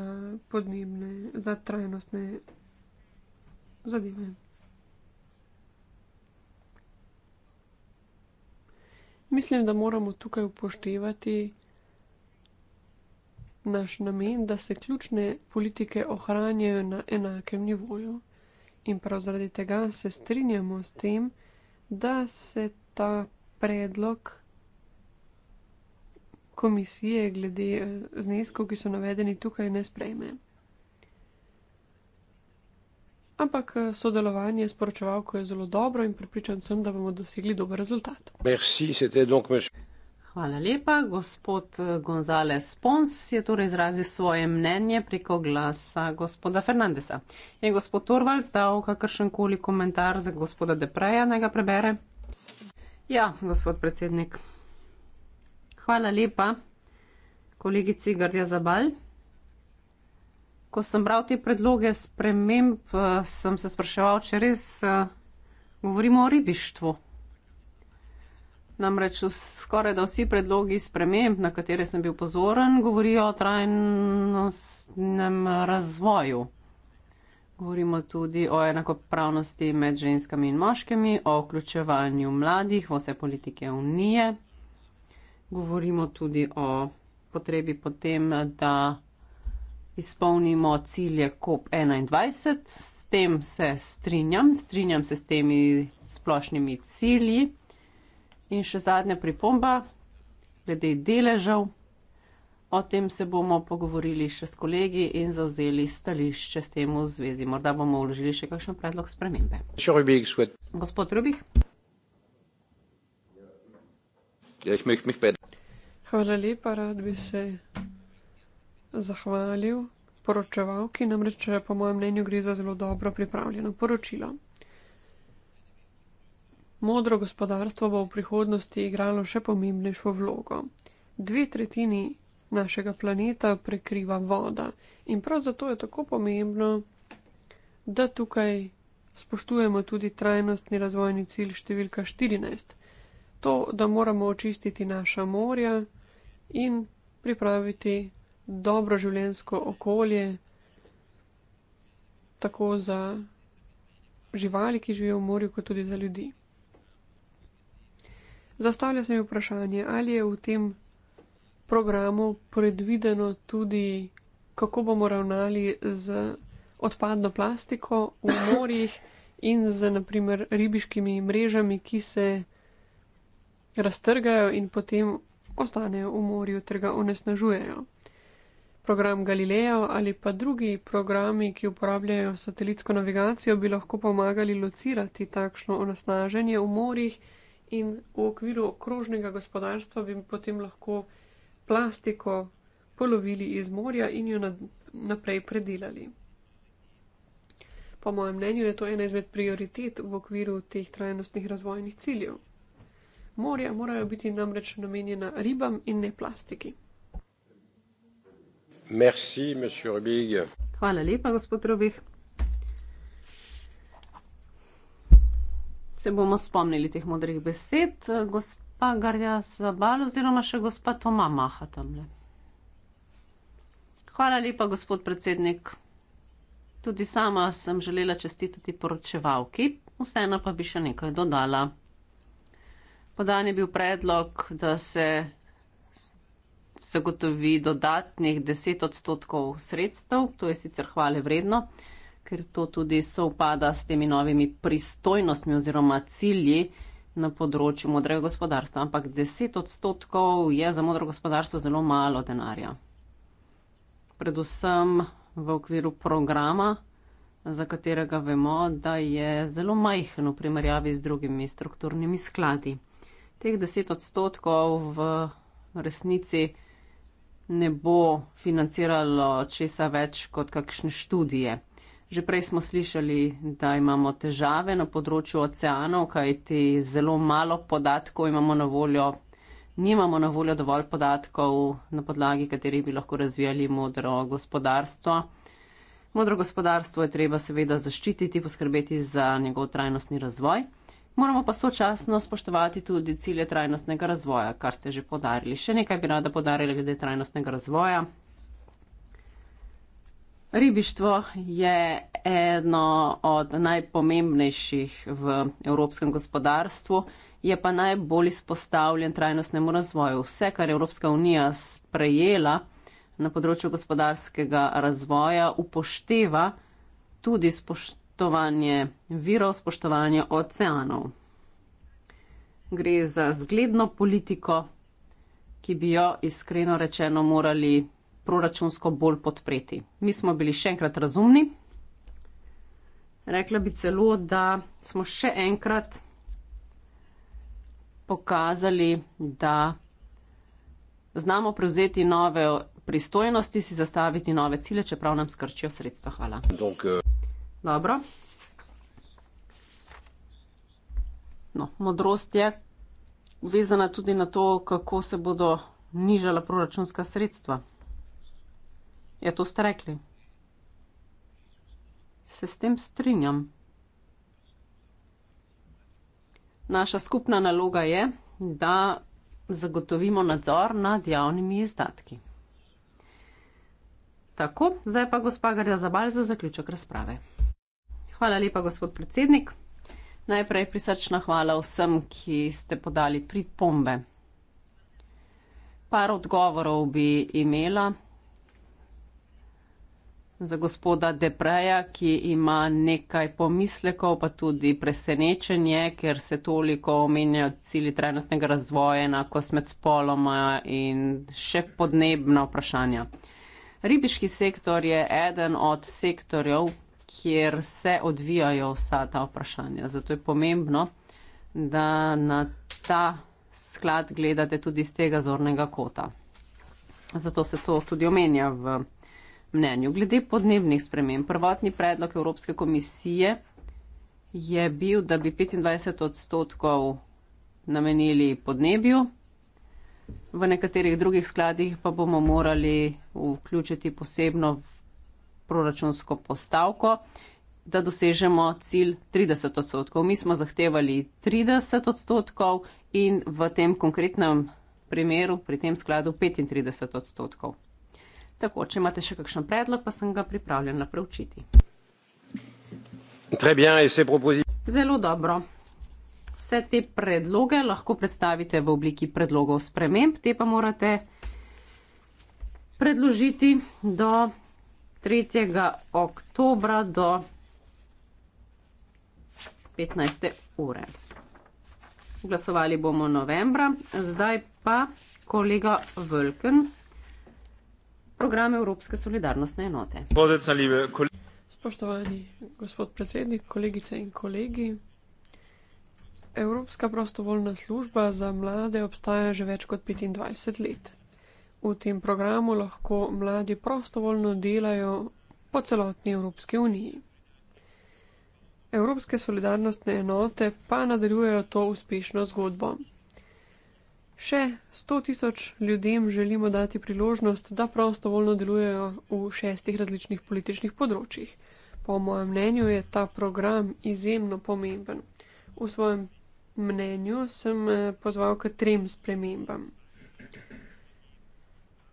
podnebne, za trajnostne zadeve. Mislim, da moramo tukaj upoštevati naš namen, da se ključne politike ohranjajo na enakem nivoju. In prav zaradi tega se strinjamo s tem, da se ta predlog komisije glede eh, zneskov, ki so navedeni tukaj, ne sprejme. Ampak eh, sodelovanje s poročevalko je zelo dobro in pripričan sem, da bomo dosegli dober rezultat. Merci, Hvala lepa. Gospod eh, Gonzales Pons je torej izrazil svoje mnenje preko glasa gospoda Fernandesa. Je gospod Torvalds dal kakršen koli komentar za gospoda Depreja, naj ga prebere? Ja, gospod predsednik. Hvala lepa, kolegici Gardja Zabal. Ko sem bral te predloge sprememb, eh, sem se spraševal, če res eh, govorimo o ribištvu. Namreč skoraj da vsi predlogi sprememb, na katere sem bil pozoren, govorijo o trajnostnem razvoju. Govorimo tudi o enakopravnosti med ženskami in moškimi, o vključevanju mladih v vse politike unije govorimo tudi o potrebi potem, da izpolnimo cilje COP21. S tem se strinjam, strinjam se s temi splošnimi cilji. In še zadnja pripomba, glede deležev. O tem se bomo pogovorili še s kolegi in zauzeli stališče s tem v zvezi. Morda bomo vložili še kakšen predlog spremembe. Gospod Rubih. Ja, ich möchte mich bedanken. Hvala lepa, rad bi se zahvalil poročevalki, namreč po mojem mnenju gre za zelo dobro pripravljeno poročilo. Modro gospodarstvo bo v prihodnosti igralo še pomembnejšo vlogo. Dve tretjini našega planeta prekriva voda in prav zato je tako pomembno, da tukaj spoštujemo tudi trajnostni razvojni cilj številka 14 to, da moramo očistiti naša morja in pripraviti dobro življensko okolje, tako za živali, ki živijo v morju, kot tudi za ljudi. Zastavlja se mi vprašanje, ali je v tem programu predvideno tudi, kako bomo ravnali z odpadno plastiko v morjih in z, naprimer, ribiškimi mrežami, ki se raztrgajo in potem ostanejo v morju ter ga onesnažujejo. Program Galileo ali pa drugi programi, ki uporabljajo satelitsko navigacijo, bi lahko pomagali locirati takšno onesnaženje v morjih in v okviru okrožnega gospodarstva bi potem lahko plastiko polovili iz morja in jo naprej predelali. Po mojem mnenju je to ena izmed prioritet v okviru teh trajnostnih razvojnih ciljev. Morja morajo biti namreč namenjena ribam in ne plastiki. Merci, Hvala lepa, gospod Robih. Se bomo spomnili teh modrih besed, gospa Garja Zabal oziroma še gospa Toma Maha tamle. Hvala lepa, gospod predsednik. Tudi sama sem želela čestitati poročevalki, vseeno pa bi še nekaj dodala. Podan je bil predlog, da se zagotovi dodatnih 10 odstotkov sredstev. To je sicer hvale vredno, ker to tudi soupada s temi novimi pristojnostmi oziroma cilji na področju modrega gospodarstva. Ampak 10 odstotkov je za modro gospodarstvo zelo malo denarja. Predvsem v okviru programa, za katerega vemo, da je zelo majhen v primerjavi z drugimi strukturnimi skladi teh 10 odstotkov v resnici ne bo financiralo česa več kot kakšne študije. Že prej smo slišali, da imamo težave na področju oceanov, kajti zelo malo podatkov imamo na voljo. Nimamo na voljo dovolj podatkov, na podlagi katerih bi lahko razvijali modro gospodarstvo. Modro gospodarstvo je treba seveda zaščititi, poskrbeti za njegov trajnostni razvoj. Moramo pa sočasno spoštovati tudi cilje trajnostnega razvoja, kar ste že podarili. Še nekaj bi rada podarila glede trajnostnega razvoja. Ribištvo je eno od najpomembnejših v evropskem gospodarstvu, je pa najbolj izpostavljen trajnostnemu razvoju. Vse, kar je Evropska unija sprejela na področju gospodarskega razvoja, upošteva tudi spoštovanje spoštovanje virov, spoštovanje oceanov. Gre za zgledno politiko, ki bi jo iskreno rečeno morali proračunsko bolj podpreti. Mi smo bili še enkrat razumni. Rekla bi celo, da smo še enkrat pokazali, da znamo prevzeti nove pristojnosti, si zastaviti nove cilje, čeprav nam skrčijo sredstva. Hvala. Euh, Dobro. No, modrost je vezana tudi na to, kako se bodo nižala proračunska sredstva. Ja, to ste rekli. Se s tem strinjam. Naša skupna naloga je, da zagotovimo nadzor nad javnimi izdatki. Tako, zdaj pa gospa Garja Zabal za zaključek razprave. Hvala lepa, gospod predsednik. Najprej prisrčna hvala vsem, ki ste podali pripombe. Par odgovorov bi imela za gospoda Depreja, ki ima nekaj pomislekov, pa tudi presenečenje, ker se toliko omenjajo cilji trajnostnega razvoja, enakost med spoloma in še podnebna vprašanja. Ribiški sektor je eden od sektorjev, kjer se odvijajo vsa ta vprašanja. Zato je pomembno, da na ta sklad gledate tudi iz tega zornega kota. Zato se to tudi omenja v mnenju. Glede podnebnih sprememb, prvotni predlog Evropske komisije je bil, da bi 25 odstotkov namenili podnebju. V nekaterih drugih skladih pa bomo morali vključiti posebno proračunsko postavko, da dosežemo cilj 30 odstotkov. Mi smo zahtevali 30 odstotkov in v tem konkretnem primeru, pri tem skladu, 35 odstotkov. Tako, če imate še kakšen predlog, pa sem ga pripravljena preučiti. Zelo dobro. Vse te predloge lahko predstavite v obliki predlogov sprememb, te pa morate predložiti do 3. oktobra do 15. ure. Glasovali bomo novembra, zdaj pa kolega Vlken, program Evropske solidarnostne enote. Spoštovani gospod predsednik, kolegice in kolegi. Evropska prostovoljna služba za mlade obstaja že več kot 25 let v tem programu lahko mladi prostovoljno delajo po celotni Evropski uniji. Evropske solidarnostne enote pa nadaljujejo to uspešno zgodbo. Še 100 tisoč ljudem želimo dati priložnost, da prostovoljno delujejo v šestih različnih političnih področjih. Po mojem mnenju je ta program izjemno pomemben. V svojem mnenju sem eh, pozval k trem spremembam.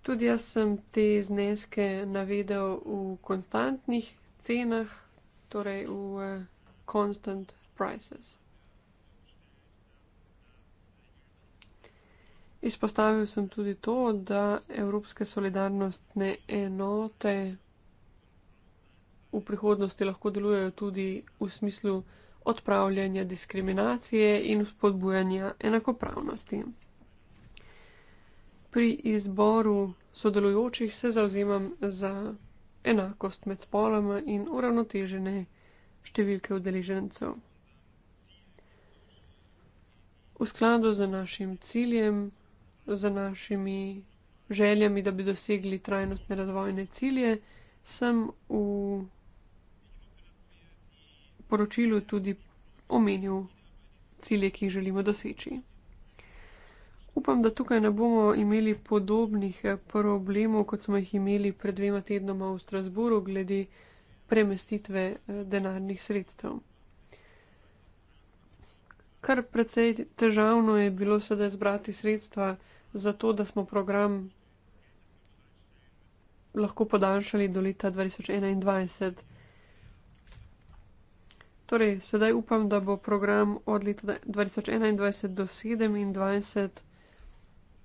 Tudi jaz sem te zneske navedel v konstantnih cenah, torej v eh, constant prices. Izpostavil sem tudi to, da evropske solidarnostne enote v prihodnosti lahko delujejo tudi v smislu odpravljanja diskriminacije in spodbujanja enakopravnosti pri izboru sodelujočih se zauzemam za enakost med spoloma in uravnotežene številke udeležencev. V skladu z našim ciljem, z našimi željami, da bi dosegli trajnostne razvojne cilje, sem v poročilu tudi omenil cilje, ki jih želimo doseči. Upam, da tukaj ne bomo imeli podobnih eh, problemov, kot smo jih imeli pred dvema tednoma v Strasburu glede premestitve eh, denarnih sredstev. Kar precej težavno je bilo sedaj zbrati sredstva za to, da smo program lahko podaljšali do leta 2021. Torej, sedaj upam, da bo program od leta 2021 do 2027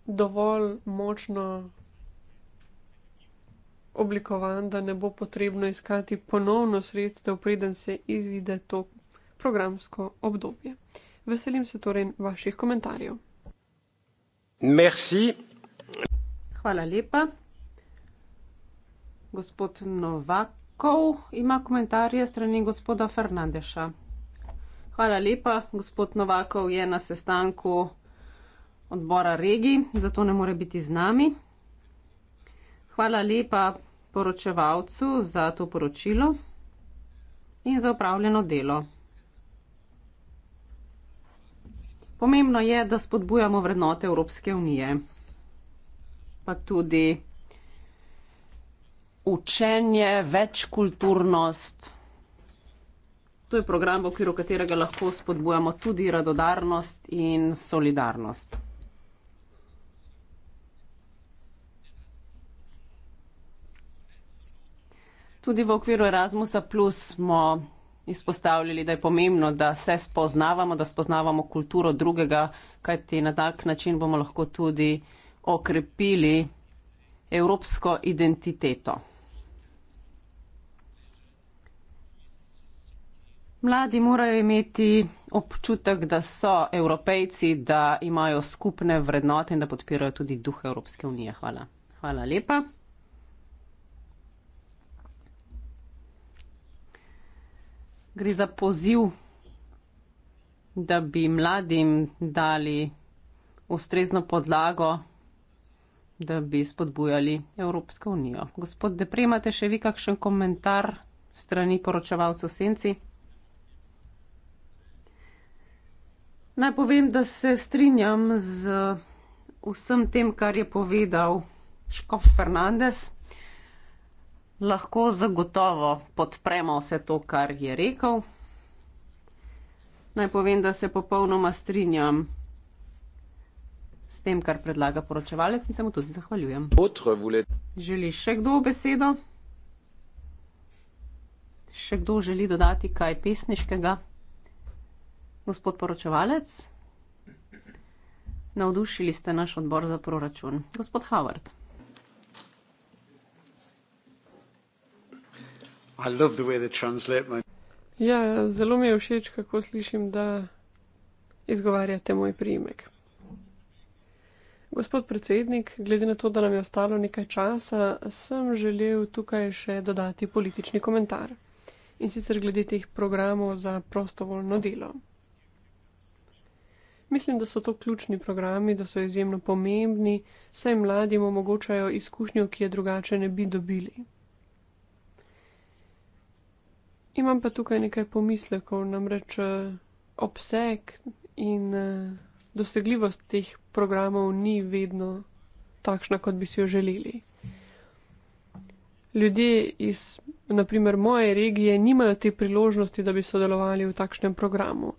dovolj močno oblikovan, da ne bo potrebno iskati ponovno sredstev, preden se izide to programsko obdobje. Veselim se torej vaših komentarjev. Merci. Hvala lepa. Gospod Novakov ima komentarje strani gospoda Fernandeša. Hvala lepa, gospod Novakov je na sestanku odbora regij, zato ne more biti z nami. Hvala lepa poročevalcu za to poročilo in za upravljeno delo. Pomembno je, da spodbujamo vrednote Evropske unije, pa tudi učenje, večkulturnost. To je program, v okviru katerega lahko spodbujamo tudi radodarnost in solidarnost. Tudi v okviru Erasmusa Plus smo izpostavljali, da je pomembno, da se spoznavamo, da spoznavamo kulturo drugega, kajti na tak način bomo lahko tudi okrepili evropsko identiteto. Mladi morajo imeti občutek, da so evropejci, da imajo skupne vrednote in da podpirajo tudi duh Evropske unije. Hvala. Hvala lepa. gre za poziv, da bi mladim dali ustrezno podlago, da bi spodbujali Evropsko unijo. Gospod Depre, imate še vi kakšen komentar strani poročevalcev Senci? Naj povem, da se strinjam z vsem tem, kar je povedal Škof Fernandez lahko zagotovo podpremo vse to, kar je rekel. Naj povem, da se popolnoma strinjam. S tem, kar predlaga poročevalec, in se mu tudi zahvaljujem. Želi še kdo besedo? Še kdo želi dodati kaj pesniškega? Gospod poročevalec, navdušili ste naš odbor za proračun. Gospod Howard. Ja, zelo mi je všeč, kako slišim, da izgovarjate moj priimek. Gospod predsednik, glede na to, da nam je ostalo nekaj časa, sem želel tukaj še dodati politični komentar. In sicer glede teh programov za prostovoljno delo. Mislim, da so to ključni programi, da so izjemno pomembni, saj mladim omogočajo izkušnjo, ki je drugače ne bi dobili. Imam pa tukaj nekaj pomislekov, namreč eh, obseg in eh, dosegljivost teh programov ni vedno takšna, kot bi si jo želeli. Ljudje iz, naprimer, moje regije nimajo te priložnosti, da bi sodelovali v takšnem programu.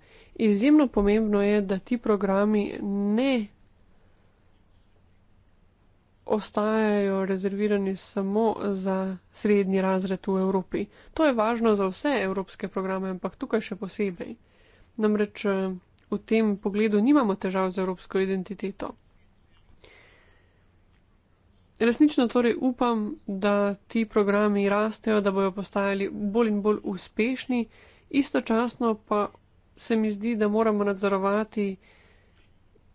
Izjemno pomembno je, da ti programi ne ostajajo rezervirani samo za srednji razred v Evropi. To je važno za vse evropske programe, ampak tukaj še posebej. Namreč eh, v tem pogledu nimamo težav z evropsko identiteto. Resnično torej upam, da ti programi rastejo, da bojo postajali bolj in bolj uspešni, istočasno pa se mi zdi, da moramo nadzorovati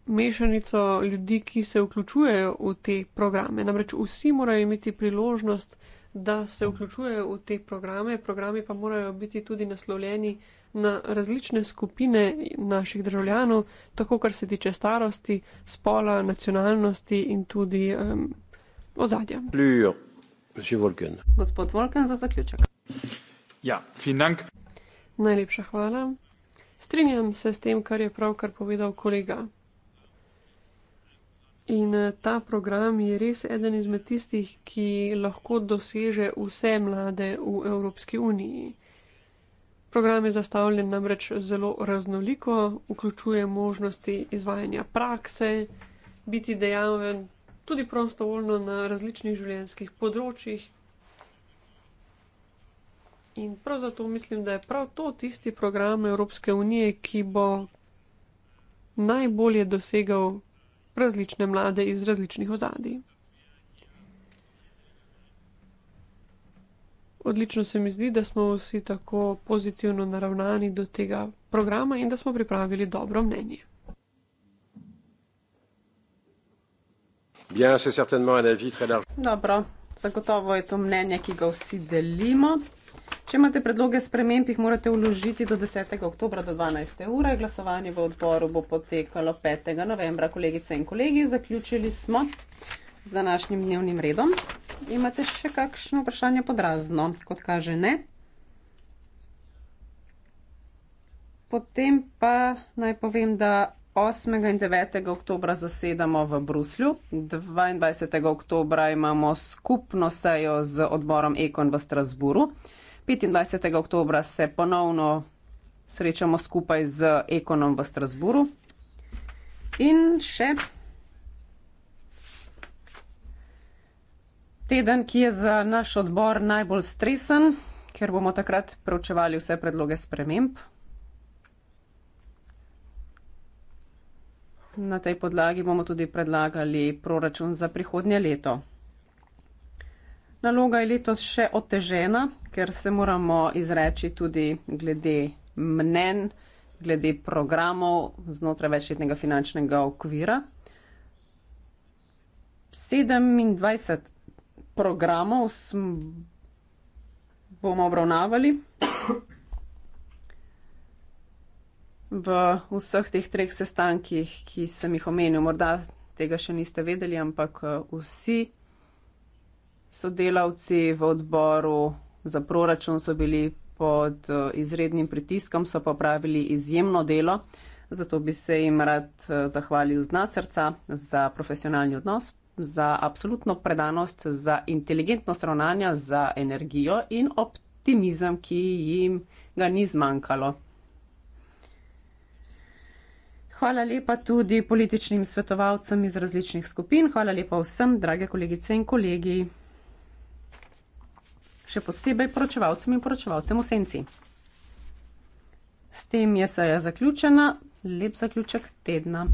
mešanico ljudi, ki se vključujejo v te programe. Namreč vsi morajo imeti priložnost, da se vključujejo v te programe, programe pa morajo biti tudi naslovljeni na različne skupine naših državljanov, tako kar se tiče starosti, spola, nacionalnosti in tudi um, ozadja. Gospod Volken za zaključek. Ja, finank. Najlepša hvala. Strinjam se s tem, kar je pravkar povedal kolega. In eh, ta program je res eden izmed tistih, ki lahko doseže vse mlade v Evropski uniji. Program je zastavljen namreč zelo raznoliko, vključuje možnosti izvajanja prakse, biti dejaven tudi prostovoljno na različnih življenjskih področjih. In prav zato mislim, da je prav to tisti program Evropske unije, ki bo najbolje dosegal različne mlade iz različnih ozadij. Odlično se mi zdi, da smo vsi tako pozitivno naravnani do tega programa in da smo pripravili dobro mnenje. Dobro, zagotovo je to mnenje, ki ga vsi delimo. Če imate predloge sprememb, jih morate vložiti do 10. oktobra do 12. ure. Glasovanje v odboru bo potekalo 5. novembra, kolegice in kolegi. Zaključili smo z današnjim dnevnim redom. Imate še kakšno vprašanje podrazno, kot kaže ne? Potem pa naj povem, da 8. in 9. oktobra zasedamo v Bruslju, 22. oktobra imamo skupno sejo z odborom Ekon v Strasburu. 25. oktobra se ponovno srečamo skupaj z ekonom v Strasburu. In še teden, ki je za naš odbor najbolj stresen, ker bomo takrat preučevali vse predloge sprememb. Na tej podlagi bomo tudi predlagali proračun za prihodnje leto. Naloga je letos še otežena, ker se moramo izreči tudi glede mnen, glede programov znotraj večletnega finančnega okvira. 27 programov bomo obravnavali. V vseh teh treh sestankih, ki sem jih omenil, morda tega še niste vedeli, ampak eh, vsi sodelavci v odboru za proračun so bili pod eh, izrednim pritiskom, so pa pravili izjemno delo, zato bi se jim rad eh, zahvalil z nasrca za profesionalni odnos, za absolutno predanost, za inteligentno ravnanje, za energijo in optimizem, ki jim ga ni zmanjkalo. Hvala lepa tudi političnim svetovalcem iz različnih skupin. Hvala lepa vsem, drage kolegice in kolegi še posebej poročevalcem in poročevalcem v senci. S tem je seja zaključena, lep zaključek tedna.